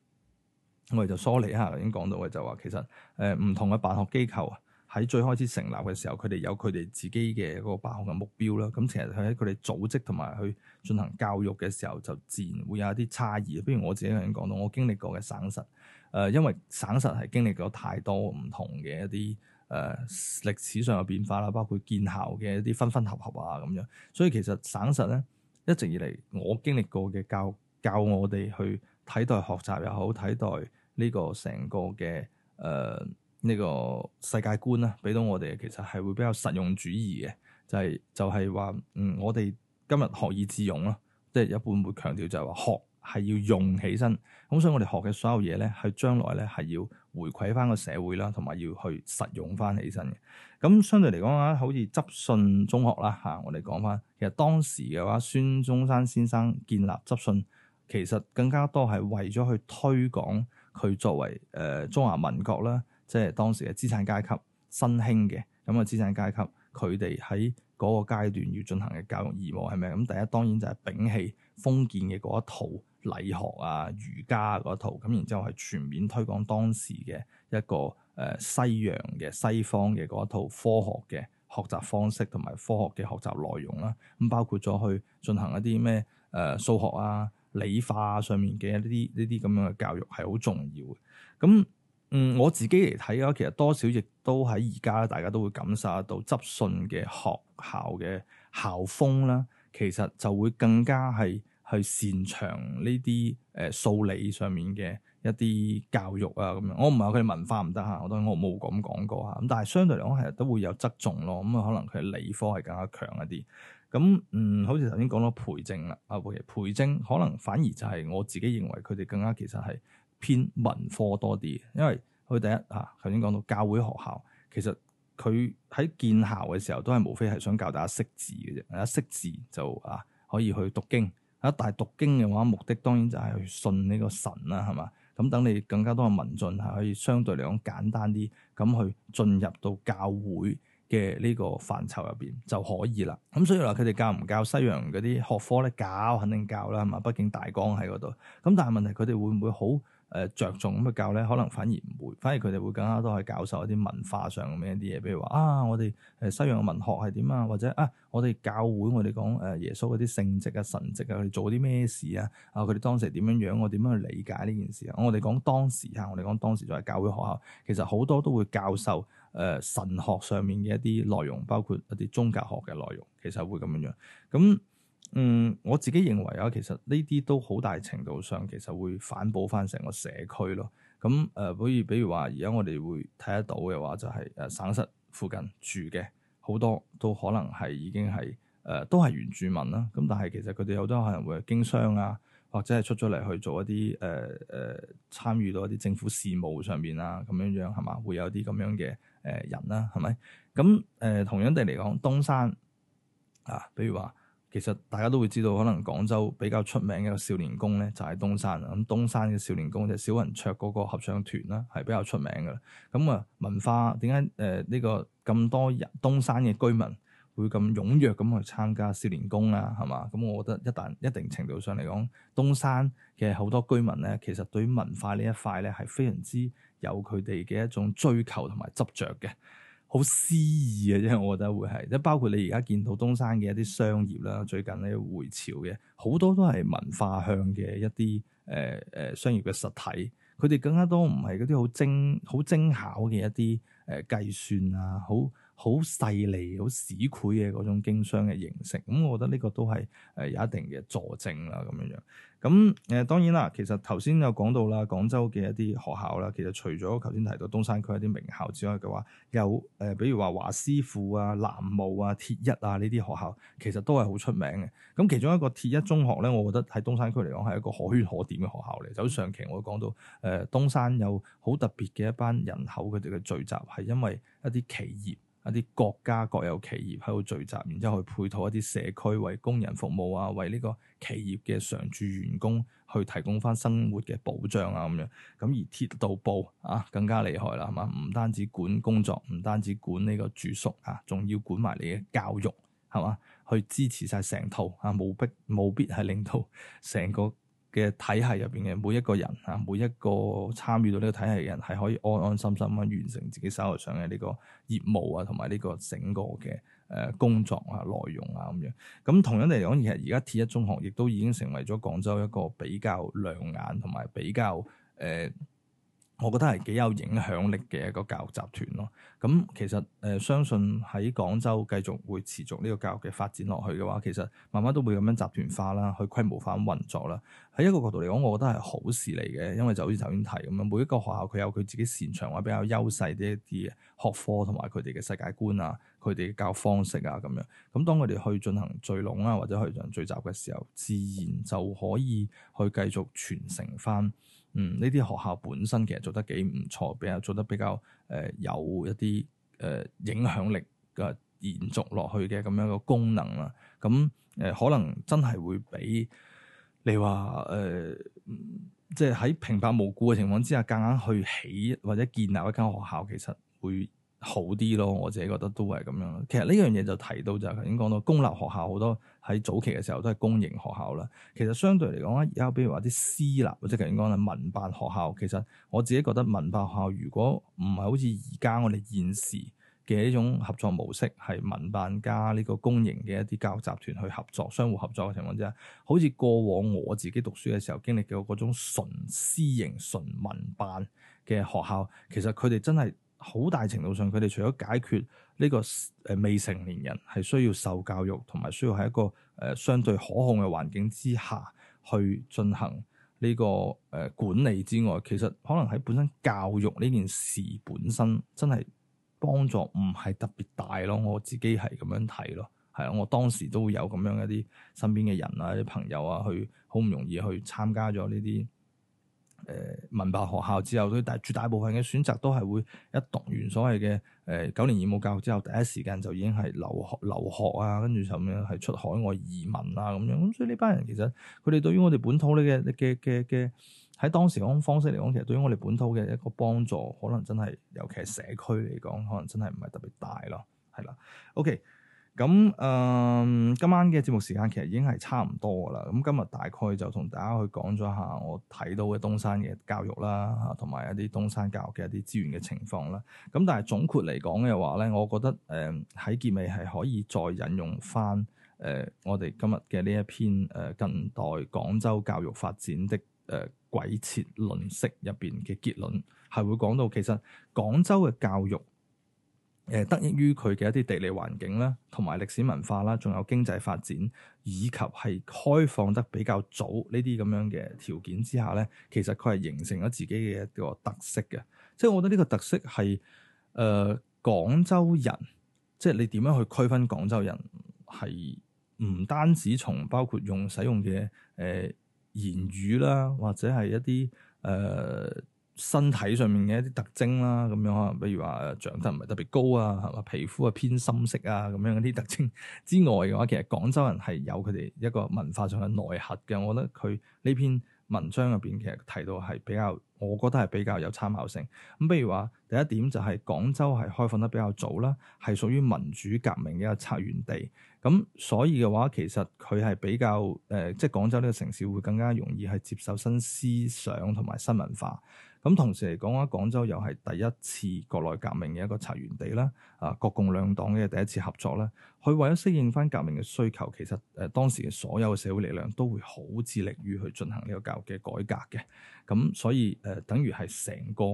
我哋就梳理一下頭先講到嘅，就話其實誒、呃、唔同嘅辦學機構喺最開始成立嘅時候，佢哋有佢哋自己嘅嗰個辦學嘅目標啦。咁其實喺佢哋組織同埋去進行教育嘅時候，就自然會有一啲差異。不如我自己頭先講到，我經歷過嘅省實誒、呃，因為省實係經歷咗太多唔同嘅一啲。誒、呃、歷史上有變化啦，包括建校嘅一啲分分合合啊，咁樣，所以其實省實咧一直以嚟，我經歷過嘅教教我哋去睇待學習又好，睇待呢個成個嘅誒呢個世界觀啦，俾到我哋其實係會比較實用主義嘅，就係、是、就係、是、話嗯，我哋今日學以致用咯、啊，即係一般會強調就係話學。係要用起身，咁所以我哋學嘅所有嘢咧，係將來咧係要回饋翻個社會啦，同埋要去實用翻起身嘅。咁相對嚟講嘅話，好似執信中學啦，嚇、啊、我哋講翻，其實當時嘅話，孫中山先生建立執信，其實更加多係為咗去推廣佢作為誒、呃、中華民國啦，即係當時嘅資產階級新興嘅咁嘅資產階級，佢哋喺嗰個階段要進行嘅教育義務係咪？咁第一當然就係摒棄封建嘅嗰一套。禮學啊、儒家嗰套，咁然之後係全面推廣當時嘅一個誒、呃、西洋嘅西方嘅嗰套科學嘅學習方式同埋科學嘅學習內容啦、啊，咁包括咗去進行一啲咩誒數學啊、理化、啊、上面嘅呢啲呢啲咁樣嘅教育係好重要嘅。咁嗯，我自己嚟睇啦，其實多少亦都喺而家大家都會感受得到執信嘅學校嘅校風啦、啊，其實就會更加係去擅長呢啲誒數理上面嘅一啲教育啊咁樣，我唔係話佢哋文化唔得嚇，我當然我冇咁講過嚇，咁但係相對嚟講係都會有側重咯，咁啊可能佢理科係更加強一啲，咁嗯好似頭先講到培正啦啊，其實培正可能反而就係我自己認為佢哋更加其實係偏文科多啲，因為佢第一啊頭先講到教會學校，其實佢喺建校嘅時候都係無非係想教大家識字嘅啫，一，啊，識字就啊可以去讀經。啊！但係讀經嘅話，目的當然就係去信呢個神啦，係嘛？咁、嗯、等你更加多嘅文進係可以相對嚟講簡單啲，咁去進入到教會嘅呢個範疇入邊就可以啦。咁、嗯、所以話佢哋教唔教西洋嗰啲學科咧？教肯定教啦，係嘛？畢竟大綱喺嗰度。咁、嗯、但係問題佢哋會唔會好？誒着重咁去教咧，可能反而唔會，反而佢哋會更加多去教授一啲文化上咁樣一啲嘢，比如話啊，我哋誒西洋嘅文學係點啊，或者啊，我哋教會，我哋講誒耶穌嗰啲聖跡啊、神跡啊，佢哋做啲咩事啊？啊，佢哋當時點樣樣，我點樣去理解呢件事啊？我哋講當時吓，我哋講當時就係教會學校，其實好多都會教授誒、呃、神學上面嘅一啲內容，包括一啲宗教學嘅內容，其實會咁樣樣。咁。嗯，我自己認為啊，其實呢啲都好大程度上其實會反哺返成個社區咯。咁誒、呃，比如比如話，而家我哋會睇得到嘅話，就係、是、誒、呃、省實附近住嘅好多都可能係已經係誒、呃、都係原住民啦。咁但係其實佢哋好多可能會經商啊，或者係出咗嚟去做一啲誒誒參與到一啲政府事務上面啊，咁樣樣係嘛？會有啲咁樣嘅誒人啦，係咪？咁誒、呃、同樣地嚟講，東山啊，比如話。其實大家都會知道，可能廣州比較出名嘅少年宮咧，就係、是、東山啊。咁東山嘅少年宮即、就是、小雲雀嗰個合唱團啦，係比較出名嘅。咁啊，文化點解誒呢個咁多人東山嘅居民會咁踴躍咁去參加少年宮啦？係嘛？咁我覺得一旦一定程度上嚟講，東山嘅好多居民咧，其實對於文化呢一塊咧係非常之有佢哋嘅一種追求同埋執着嘅。好詩意嘅，即係我覺得會係即係包括你而家見到東山嘅一啲商業啦，最近咧回潮嘅好多都係文化向嘅一啲誒誒商業嘅實體，佢哋更加多唔係嗰啲好精好精巧嘅一啲誒、呃、計算啊，好。好細利、好市儈嘅嗰種經商嘅形式，咁我覺得呢個都係誒、呃、有一定嘅佐證啦，咁樣樣。咁、嗯、誒、呃、當然啦，其實頭先有講到啦，廣州嘅一啲學校啦，其實除咗頭先提到東山區一啲名校之外嘅話，有誒、呃，比如話華師附啊、南武啊、鐵一啊呢啲學校，其實都係好出名嘅。咁、嗯、其中一個鐵一中學咧，我覺得喺東山區嚟講係一個可圈可點嘅學校嚟。就是、上期我講到誒、呃，東山有好特別嘅一班人口，佢哋嘅聚集係因為一啲企業。一啲國家國有企業喺度聚集，然之後去配套一啲社區，為工人服務啊，為呢個企業嘅常駐員工去提供翻生活嘅保障啊咁樣。咁而鐵道部啊更加厲害啦，係嘛？唔單止管工作，唔單止管呢個住宿啊，仲要管埋你嘅教育，係嘛？去支持晒成套啊，務必務必係令到成個。嘅體系入邊嘅每一個人啊，每一個參與到呢個體系嘅人，係可以安安心心咁完成自己手頭上嘅呢個業務啊，同埋呢個整個嘅誒工作啊內容啊咁樣。咁同樣哋嚟講，其實而家鐵一中學亦都已經成為咗廣州一個比較亮眼同埋比較誒。呃我覺得係幾有影響力嘅一個教育集團咯。咁其實誒、呃，相信喺廣州繼續會持續呢個教育嘅發展落去嘅話，其實慢慢都會咁樣集團化啦，去規模化咁運作啦。喺一個角度嚟講，我覺得係好事嚟嘅，因為就好似頭先提咁樣，每一個學校佢有佢自己擅長或者比較優勢嘅一啲學科同埋佢哋嘅世界觀啊，佢哋嘅教育方式啊咁樣。咁、嗯、當佢哋去進行聚攏啊，或者去進行聚集嘅時候，自然就可以去繼續傳承翻。嗯，呢啲學校本身其實做得幾唔錯，比較做得比較誒、呃、有一啲誒、呃、影響力嘅延續落去嘅咁樣一個功能啦。咁、嗯、誒、呃、可能真係會俾你話誒、呃，即係喺平白無故嘅情況之下，夾硬去起或者建立一間學校，其實會。好啲咯，我自己覺得都係咁樣。其實呢樣嘢就提到就係頭先講到公立學校好多喺早期嘅時候都係公營學校啦。其實相對嚟講咧，而家比如話啲私立或者頭先講嘅民辦學校，其實我自己覺得民辦學校如果唔係好似而家我哋現時嘅一種合作模式，係民辦加呢個公營嘅一啲教育集團去合作，相互合作嘅情況之下，好似過往我自己讀書嘅時候經歷嘅嗰種純私營、純民辦嘅學校，其實佢哋真係。好大程度上，佢哋除咗解決呢個誒未成年人係需要受教育，同埋需要喺一個誒相對可控嘅環境之下去進行呢個誒管理之外，其實可能喺本身教育呢件事本身真係幫助唔係特別大咯。我自己係咁樣睇咯，係啊，我當時都會有咁樣一啲身邊嘅人啊、啲朋友啊，去好唔容易去參加咗呢啲。誒，民辦學校之後都，但係絕大部分嘅選擇都係會一讀完所謂嘅誒九年義務教育之後，第一時間就已經係留學留學啊，跟住就咁樣係出海外移民啦、啊、咁樣，咁所以呢班人其實佢哋對於我哋本土咧嘅嘅嘅嘅喺當時嗰種方式嚟講，其實對於我哋本土嘅一個幫助，可能真係尤其係社區嚟講，可能真係唔係特別大咯，係啦，OK。咁誒、嗯，今晚嘅節目時間其實已經係差唔多噶啦。咁今日大概就同大家去講咗一下我睇到嘅東山嘅教育啦，嚇，同埋一啲東山教育嘅一啲資源嘅情況啦。咁但係總括嚟講嘅話咧，我覺得誒喺、呃、結尾係可以再引用翻誒、呃、我哋今日嘅呢一篇誒、呃、近代廣州教育發展的誒、呃、鬼切論式入邊嘅結論，係會講到其實廣州嘅教育。誒得益於佢嘅一啲地理環境啦，同埋歷史文化啦，仲有經濟發展，以及係開放得比較早呢啲咁樣嘅條件之下咧，其實，佢係形成咗自己嘅一個特色嘅。即係我覺得呢個特色係誒、呃、廣州人，即係你點樣去區分廣州人係唔單止從包括用使用嘅誒、呃、言語啦，或者係一啲誒。呃身體上面嘅一啲特徵啦，咁樣可能，比如話長得唔係特別高啊，係嘛，皮膚啊偏深色啊，咁樣啲特徵之外嘅話，其實廣州人係有佢哋一個文化上嘅內核嘅。我覺得佢呢篇文章入邊其實提到係比較，我覺得係比較有參考性。咁、嗯，比如話第一點就係廣州係開放得比較早啦，係屬於民主革命嘅一個策源地。咁所以嘅話，其實佢係比較誒，即係廣州呢個城市會更加容易係接受新思想同埋新文化。咁同時嚟講啊，廣州又係第一次國內革命嘅一個策源地啦，啊，國共兩黨嘅第一次合作咧，佢為咗適應翻革命嘅需求，其實誒當時嘅所有社會力量都會好致力於去進行呢個教育嘅改革嘅，咁所以誒、呃，等於係成個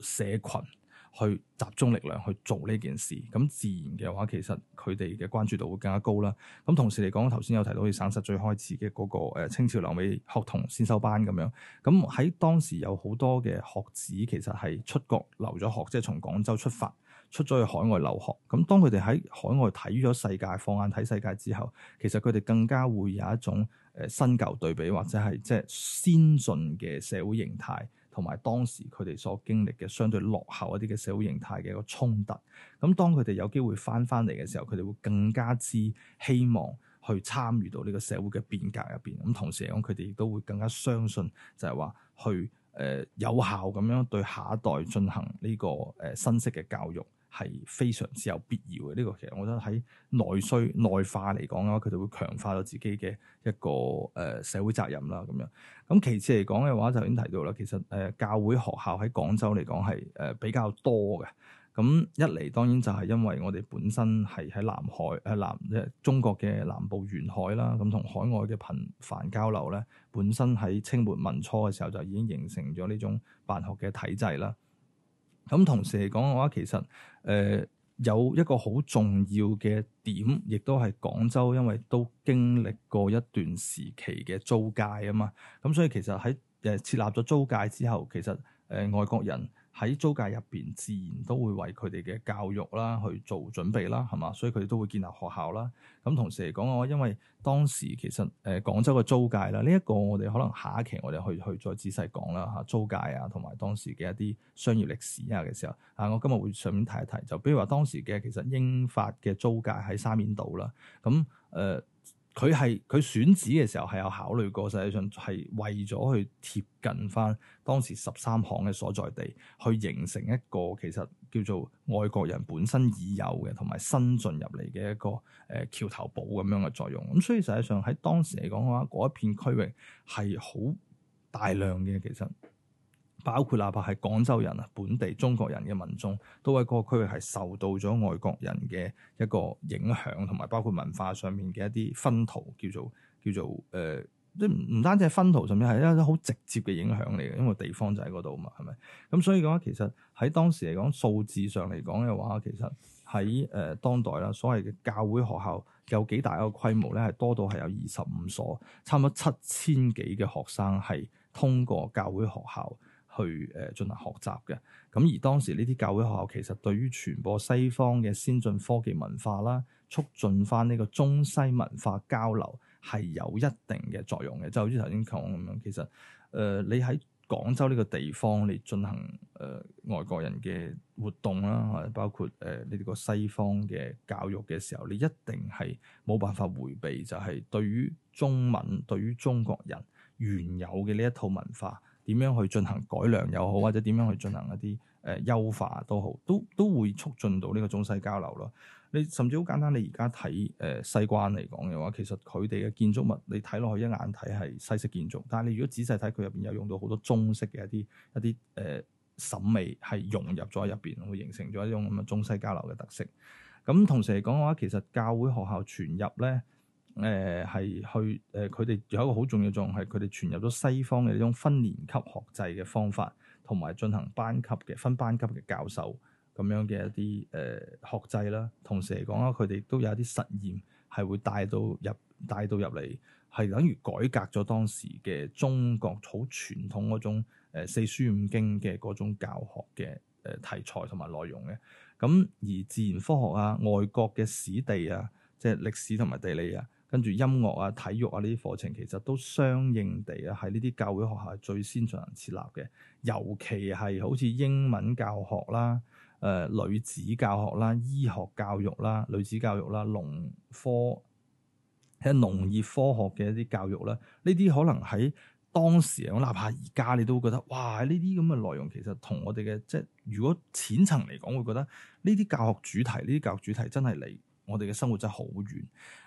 社群。去集中力量去做呢件事，咁自然嘅話，其實，佢哋嘅關注度會更加高啦。咁同時嚟講，頭先有提到好似省實最開始嘅嗰個誒清朝留美學童先修班咁樣，咁喺當時有好多嘅學子其實，係出國留咗學，即係從廣州出發出咗去海外留學，咁當佢哋喺海外睇咗世界，放眼睇世界之後，其實，佢哋更加會有一種誒新舊對比，或者係即係先進嘅社會形態。同埋當時佢哋所經歷嘅相對落後一啲嘅社會形態嘅一個衝突，咁當佢哋有機會返返嚟嘅時候，佢哋會更加之希望去參與到呢個社會嘅變革入邊。咁同時嚟講，佢哋亦都會更加相信就，就係話去誒、呃、有效咁樣對下一代進行呢、這個誒、呃、新式嘅教育。係非常之有必要嘅，呢個其實我覺得喺內需內化嚟講嘅話，佢就會強化咗自己嘅一個誒社會責任啦。咁樣，咁其次嚟講嘅話就已經提到啦。其實誒教會學校喺廣州嚟講係誒比較多嘅。咁一嚟當然就係因為我哋本身係喺南海誒南誒中國嘅南部沿海啦，咁同海外嘅頻繁交流咧，本身喺清末民初嘅時候就已經形成咗呢種辦學嘅體制啦。咁同時嚟講嘅話，其實誒、呃、有一個好重要嘅點，亦都係廣州，因為都經歷過一段時期嘅租界啊嘛，咁、嗯、所以其實喺誒設立咗租界之後，其實誒、呃、外國人，喺租界入邊，自然都會為佢哋嘅教育啦去做準備啦，係嘛？所以佢哋都會建立學校啦。咁同時嚟講，我因為當時其實誒廣州嘅租界啦，呢一個我哋可能下一期我哋去去再仔細講啦嚇租界啊，同埋當時嘅一啲商業歷史啊嘅時候，啊我今日會順便提一提，就比如話當時嘅其實英法嘅租界喺沙面島啦，咁，嗯，誒，呃佢係佢選址嘅時候係有考慮過，實際上係為咗去貼近返當時十三行嘅所在地，去形成一個其實叫做外國人本身已有嘅，同埋新進入嚟嘅一個誒橋頭堡咁樣嘅作用。咁所以實際上喺當時嚟講嘅話，嗰一片區域係好大量嘅，其實。包括哪怕係廣州人啊，本地中國人嘅民眾，都喺嗰個區域係受到咗外國人嘅一個影響，同埋包括文化上面嘅一啲薰陶，叫做叫做誒，即唔唔單止係薰陶上面，係一啲好直接嘅影響嚟嘅，因為地方就喺嗰度嘛，係咪咁？所以嘅話，其實喺當時嚟講，數字上嚟講嘅話，其實喺誒、呃、當代啦，所謂嘅教會學校有幾大一個規模咧，係多到係有二十五所，差唔多七千幾嘅學生係通過教會學校。去誒進行學習嘅，咁而當時呢啲教會學校其實對於傳播西方嘅先進科技文化啦，促進翻呢個中西文化交流係有一定嘅作用嘅。就好似頭先講咁樣。其實誒、呃、你喺廣州呢個地方你進行誒、呃、外國人嘅活動啦，包括誒呢啲個西方嘅教育嘅時候，你一定係冇辦法回避，就係、是、對於中文，對於中國人原有嘅呢一套文化。點樣去進行改良又好，或者點樣去進行一啲誒、呃、優化都好，都都會促進到呢個中西交流咯。你甚至好簡單，你而家睇誒西關嚟講嘅話，其實佢哋嘅建築物你睇落去一眼睇係西式建築，但係你如果仔細睇佢入邊有用到好多中式嘅一啲一啲誒、呃、審美係融入咗入邊，會形成咗一種咁嘅中西交流嘅特色。咁同時嚟講嘅話，其實教會學校傳入咧。誒係、呃、去誒，佢、呃、哋有一個好重要作用係佢哋傳入咗西方嘅呢種分年級學制嘅方法，同埋進行班級嘅分班級嘅教授咁樣嘅一啲誒、呃、學制啦。同時嚟講啊，佢哋都有一啲實驗係會帶到入帶到入嚟，係等於改革咗當時嘅中國好傳統嗰種、呃、四書五經嘅嗰種教學嘅誒、呃、題材同埋內容嘅。咁而自然科學啊、外國嘅史地啊、即係歷史同埋地理啊。跟住音樂啊、體育啊呢啲課程，其實都相應地啊，喺呢啲教會學校係最先進行設立嘅。尤其係好似英文教學啦、誒、呃、女子教學啦、醫學教育啦、女子教育啦、農科喺農業科學嘅一啲教育啦，呢啲可能喺當時啊，哪怕而家你都會覺得哇，呢啲咁嘅內容其實同我哋嘅即係如果淺層嚟講，會覺得呢啲教學主題、呢啲教學主題真係離我哋嘅生活真係好遠。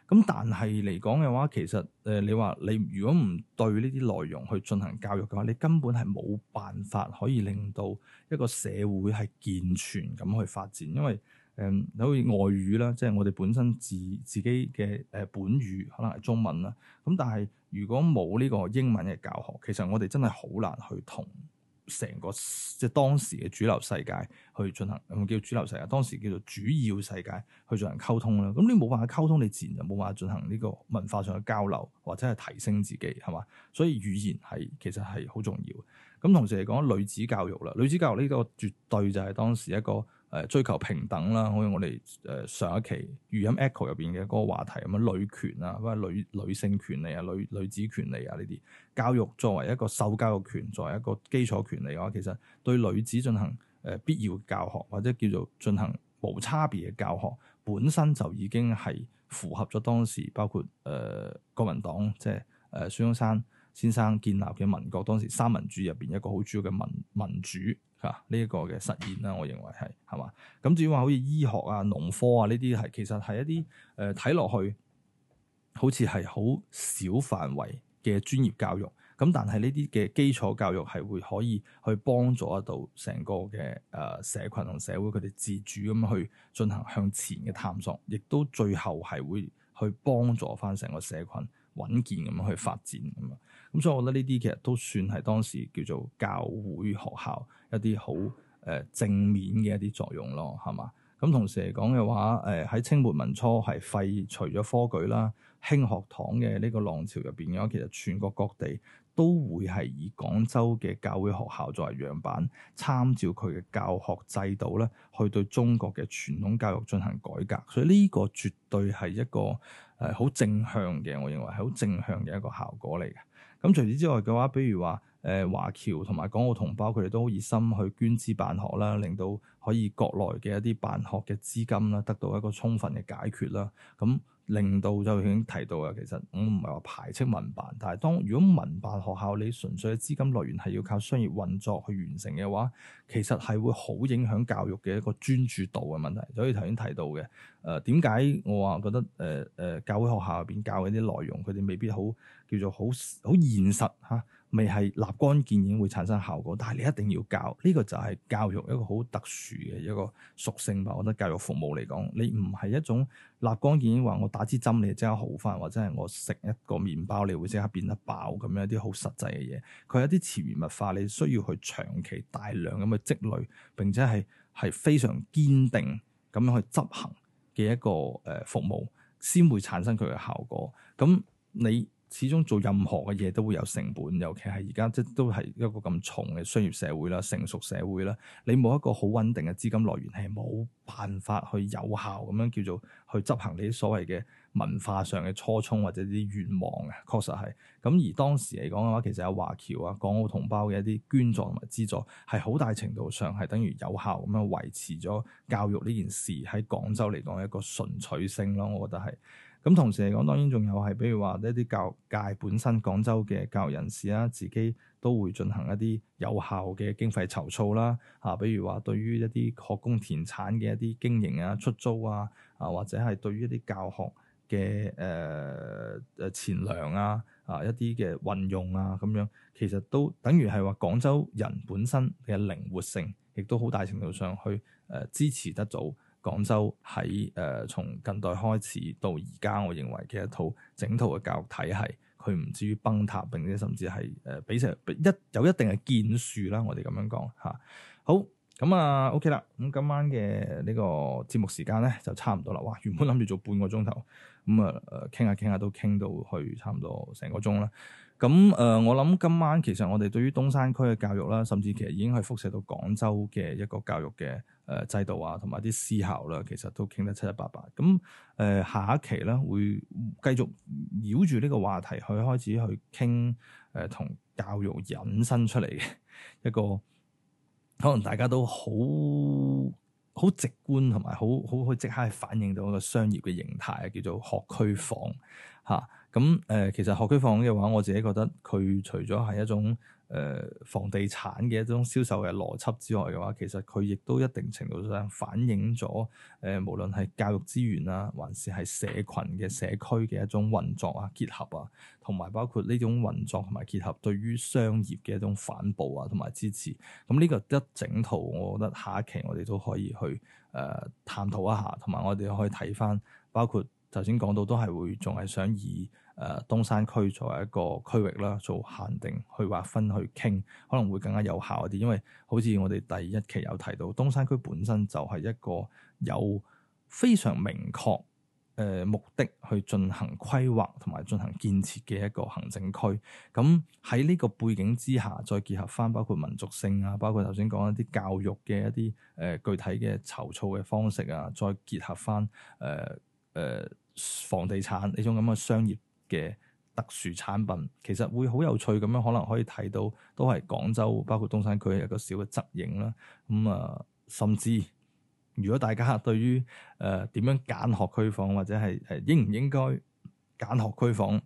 咁但係嚟講嘅話，其實誒你話你如果唔對呢啲內容去進行教育嘅話，你根本係冇辦法可以令到一個社會係健全咁去發展，因為誒你好似外語啦，即係我哋本身自自己嘅誒本語可能係中文啦，咁但係如果冇呢個英文嘅教學，其實我哋真係好難去同。成個即係當時嘅主流世界去進行，唔、嗯、叫主流世界，當時叫做主要世界去進行溝通啦。咁你冇辦法溝通，你自然就冇辦法進行呢個文化上嘅交流或者係提升自己，係嘛？所以語言係其實係好重要。咁同時嚟講，女子教育啦，女子教育呢個絕對就係當時一個。誒追求平等啦，好似我哋誒上一期餘音 Echo 入邊嘅嗰個話題咁啊，女權啊，或者女女性權利啊、女女子權利啊，呢啲教育作為一個受教育權，作為一個基礎權利嘅話，其實對女子進行誒、呃、必要嘅教學，或者叫做進行無差別嘅教學，本身就已經係符合咗當時包括誒、呃、國民黨即係誒孫中山先生建立嘅民國，當時三民主入邊一個好主要嘅民民主。啊！呢一個嘅實驗啦，我認為係係嘛？咁至於話，好似醫學啊、農科啊呢啲係其實係一啲誒睇落去好似係好小範圍嘅專業教育。咁但係呢啲嘅基礎教育係會可以去幫助得到成個嘅誒社群同社會佢哋自主咁去進行向前嘅探索，亦都最後係會去幫助翻成個社群穩健咁去發展。咁、嗯、所以，我覺得呢啲其實都算係當時叫做教會學校一啲好誒正面嘅一啲作用咯，係嘛？咁、嗯、同時嚟講嘅話，誒、呃，喺清末民初係廢除咗科舉啦、興學堂嘅呢個浪潮入邊嘅話，其實全國各地都會係以廣州嘅教會學校作為樣板，參照佢嘅教學制度咧，去對中國嘅傳統教育進行改革。所以呢個絕對係一個誒好、呃、正向嘅，我認為係好正向嘅一個效果嚟嘅。咁除此之外嘅話，比如話誒、呃、華僑同埋港澳同胞，佢哋都好熱心去捐資辦學啦，令到可以國內嘅一啲辦學嘅資金啦，得到一個充分嘅解決啦。咁。令到就已經提到嘅，其實我唔係話排斥民辦，但係當如果民辦學校你純粹嘅資金來源係要靠商業運作去完成嘅話，其實係會好影響教育嘅一個專注度嘅問題。所以頭先提到嘅，誒，點解我話覺得誒誒、呃呃、教會學校入邊教嘅啲內容，佢哋未必好叫做好好現實吓。未係立竿見影會產生效果，但係你一定要教呢個就係教育一個好特殊嘅一個屬性吧。我覺得教育服務嚟講，你唔係一種立竿見影話我打支針你即刻好翻，或者係我食一個麵包你會即刻變得飽咁樣一啲好實際嘅嘢。佢係一啲潛移默化，你需要去長期大量咁去積累，並且係係非常堅定咁樣去執行嘅一個誒服務，先會產生佢嘅效果。咁你？始終做任何嘅嘢都會有成本，尤其係而家即都係一個咁重嘅商業社會啦、成熟社會啦。你冇一個好穩定嘅資金來源，係冇辦法去有效咁樣叫做去執行你啲所謂嘅文化上嘅初衷或者啲願望嘅，確實係。咁而當時嚟講嘅話，其實有華僑啊、港澳同胞嘅一啲捐助同埋資助，係好大程度上係等於有效咁樣維持咗教育呢件事喺廣州嚟講一個純粹性咯，我覺得係。咁同時嚟講，當然仲有係，比如話一啲教育界本身廣州嘅教育人士啦，自己都會進行一啲有效嘅經費籌措啦，啊，比如話對於一啲學工田產嘅一啲經營啊、出租啊，啊或者係對於一啲教學嘅誒誒錢糧啊，啊一啲嘅運用啊咁樣，其實都等於係話廣州人本身嘅靈活性，亦都好大程度上去誒、呃、支持得到。廣州喺誒、呃、從近代開始到而家，我認為嘅一套整套嘅教育體系，佢唔至於崩塌，並且甚至係誒俾成一有一定嘅建樹啦。我哋咁樣講嚇、啊，好咁啊 OK 啦。咁今晚嘅呢個節目時間咧就差唔多啦。哇，原本諗住做半個鐘頭，咁啊誒傾下傾下都傾到去差唔多成個鐘啦。咁誒、呃，我諗今晚其實我哋對於東山區嘅教育啦，甚至其實已經係輻射到廣州嘅一個教育嘅誒、呃、制度啊，同埋啲思考啦，其實都傾得七七八八。咁誒、呃，下一期咧會繼續繞住呢個話題去開始去傾誒，同、呃、教育引申出嚟嘅一個，可能大家都好好直觀同埋好好可以即刻去反映到一個商業嘅形態，叫做學區房嚇。啊。咁誒、嗯，其實學區房嘅話，我自己覺得佢除咗係一種誒、呃、房地產嘅一種銷售嘅邏輯之外嘅話，其實佢亦都一定程度上反映咗誒、呃、無論係教育資源啊，還是係社群嘅社區嘅一種運作啊、結合啊，同埋包括呢種運作同埋結合對於商業嘅一種反哺啊同埋支持。咁、嗯、呢、這個一整套，我覺得下一期我哋都可以去誒、呃、探討一下，同埋我哋可以睇翻包括。頭先講到都係會仲係想以誒、呃、東山區作為一個區域啦，做限定去劃分去傾，可能會更加有效一啲。因為好似我哋第一期有提到，東山區本身就係一個有非常明確誒、呃、目的去進行規劃同埋進行建設嘅一個行政區。咁喺呢個背景之下，再結合翻包括民族性啊，包括頭先講一啲教育嘅一啲誒、呃、具體嘅籌措嘅方式啊，再結合翻誒誒，呃呃房地產呢種咁嘅商業嘅特殊產品，其實會好有趣咁樣，可能可以睇到都係廣州包括東山區一個小嘅側影啦。咁、嗯、啊、呃，甚至如果大家對於誒點樣揀學區房或者係誒、呃、應唔應該揀學區房，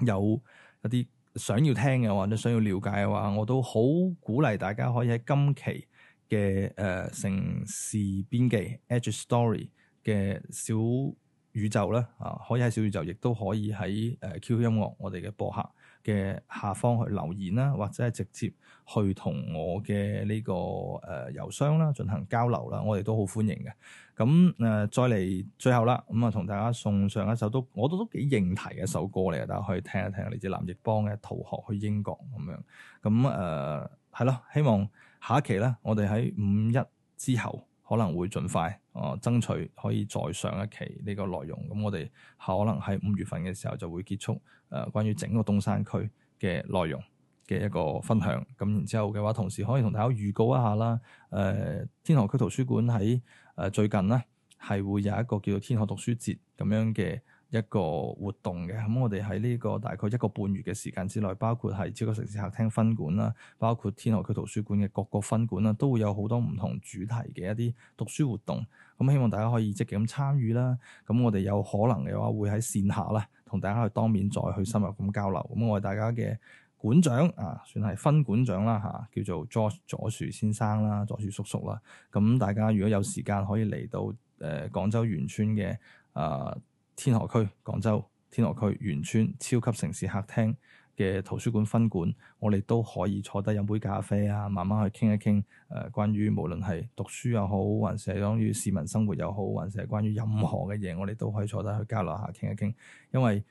有一啲想要聽嘅或者想要了解嘅話，我都好鼓勵大家可以喺今期嘅誒、呃、城事邊記 Edge Story 嘅小。宇宙啦，啊，可以喺小宇宙，亦都可以喺誒 QQ 音樂我哋嘅播客嘅下方去留言啦，或者係直接去同我嘅呢個誒郵箱啦進行交流啦，我哋都好歡迎嘅。咁誒、呃，再嚟最後啦，咁、嗯、啊，同大家送上一首都我都都幾認題嘅一首歌嚟嘅，大家可以聽一聽，嚟自藍奕邦嘅《逃學去英國》咁樣。咁誒係咯，希望下一期咧，我哋喺五一之後。可能會盡快，哦、呃，爭取可以再上一期呢個內容。咁我哋可能喺五月份嘅時候就會結束，誒、呃，關於整個東山區嘅內容嘅一個分享。咁然之後嘅話，同時可以同大家預告一下啦，誒、呃，天河區圖書館喺誒最近咧，係會有一個叫做天河讀書節咁樣嘅。一個活動嘅，咁我哋喺呢個大概一個半月嘅時間之內，包括係超級城市客廳分館啦，包括天河區圖書館嘅各個分館啦，都會有好多唔同主題嘅一啲讀書活動。咁希望大家可以積極咁參與啦。咁我哋有可能嘅話，會喺線下啦，同大家去當面再去深入咁交流。咁我哋大家嘅館長啊，算係分館長啦嚇、啊，叫做 Josh 左薯先生啦，左薯叔叔啦。咁大家如果有時間可以嚟到誒、呃、廣州員村嘅啊。呃天河區、廣州天河區員村超級城市客廳嘅圖書館分館，我哋都可以坐低飲杯咖啡啊，慢慢去傾一傾。誒、呃，關於無論係讀書又好，還是係關於市民生活又好，還是係關於任何嘅嘢，嗯、我哋都可以坐低去交流下、傾一傾。因為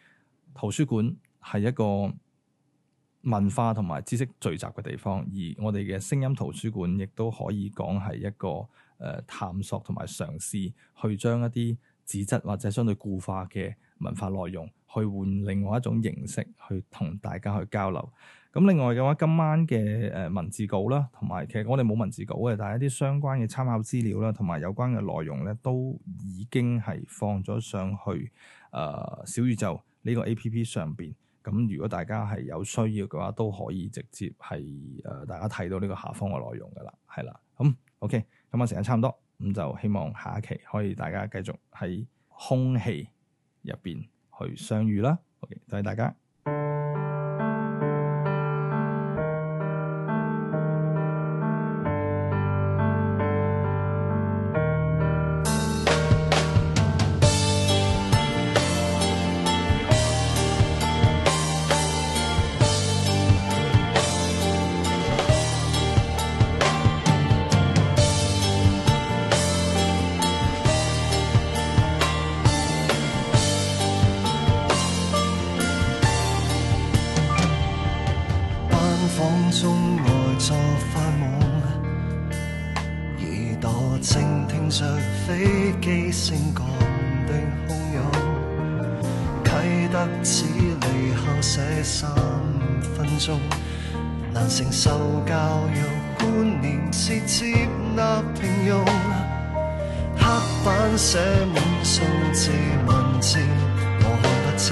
圖書館係一個文化同埋知識聚集嘅地方，而我哋嘅聲音圖書館亦都可以講係一個誒、呃、探索同埋嘗試去將一啲紙質或者相對固化嘅文化內容，去換另外一種形式去同大家去交流。咁另外嘅話，今晚嘅誒文字稿啦，同埋其實我哋冇文字稿嘅，但係一啲相關嘅參考資料啦，同埋有，有關嘅內容咧，都已經係放咗上去誒、呃、小宇宙呢個 A P P 上邊。咁如果大家係有需要嘅話，都可以直接係誒、呃、大家睇到呢個下方嘅內容㗎啦，係啦。咁 OK，咁啊時間差唔多。咁就希望下一期可以大家繼續喺空氣入邊去相遇啦。好，okay，多謝大家。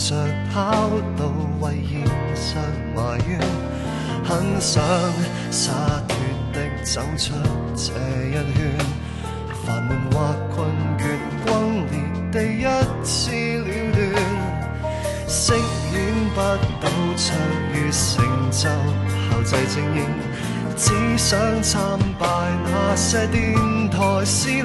着跑到為現實埋怨，很想灑脱的走出這一圈，煩悶或困倦，轟烈地一次了斷。飾演不到卓越成就，後製精英，只想參拜那些電台司令。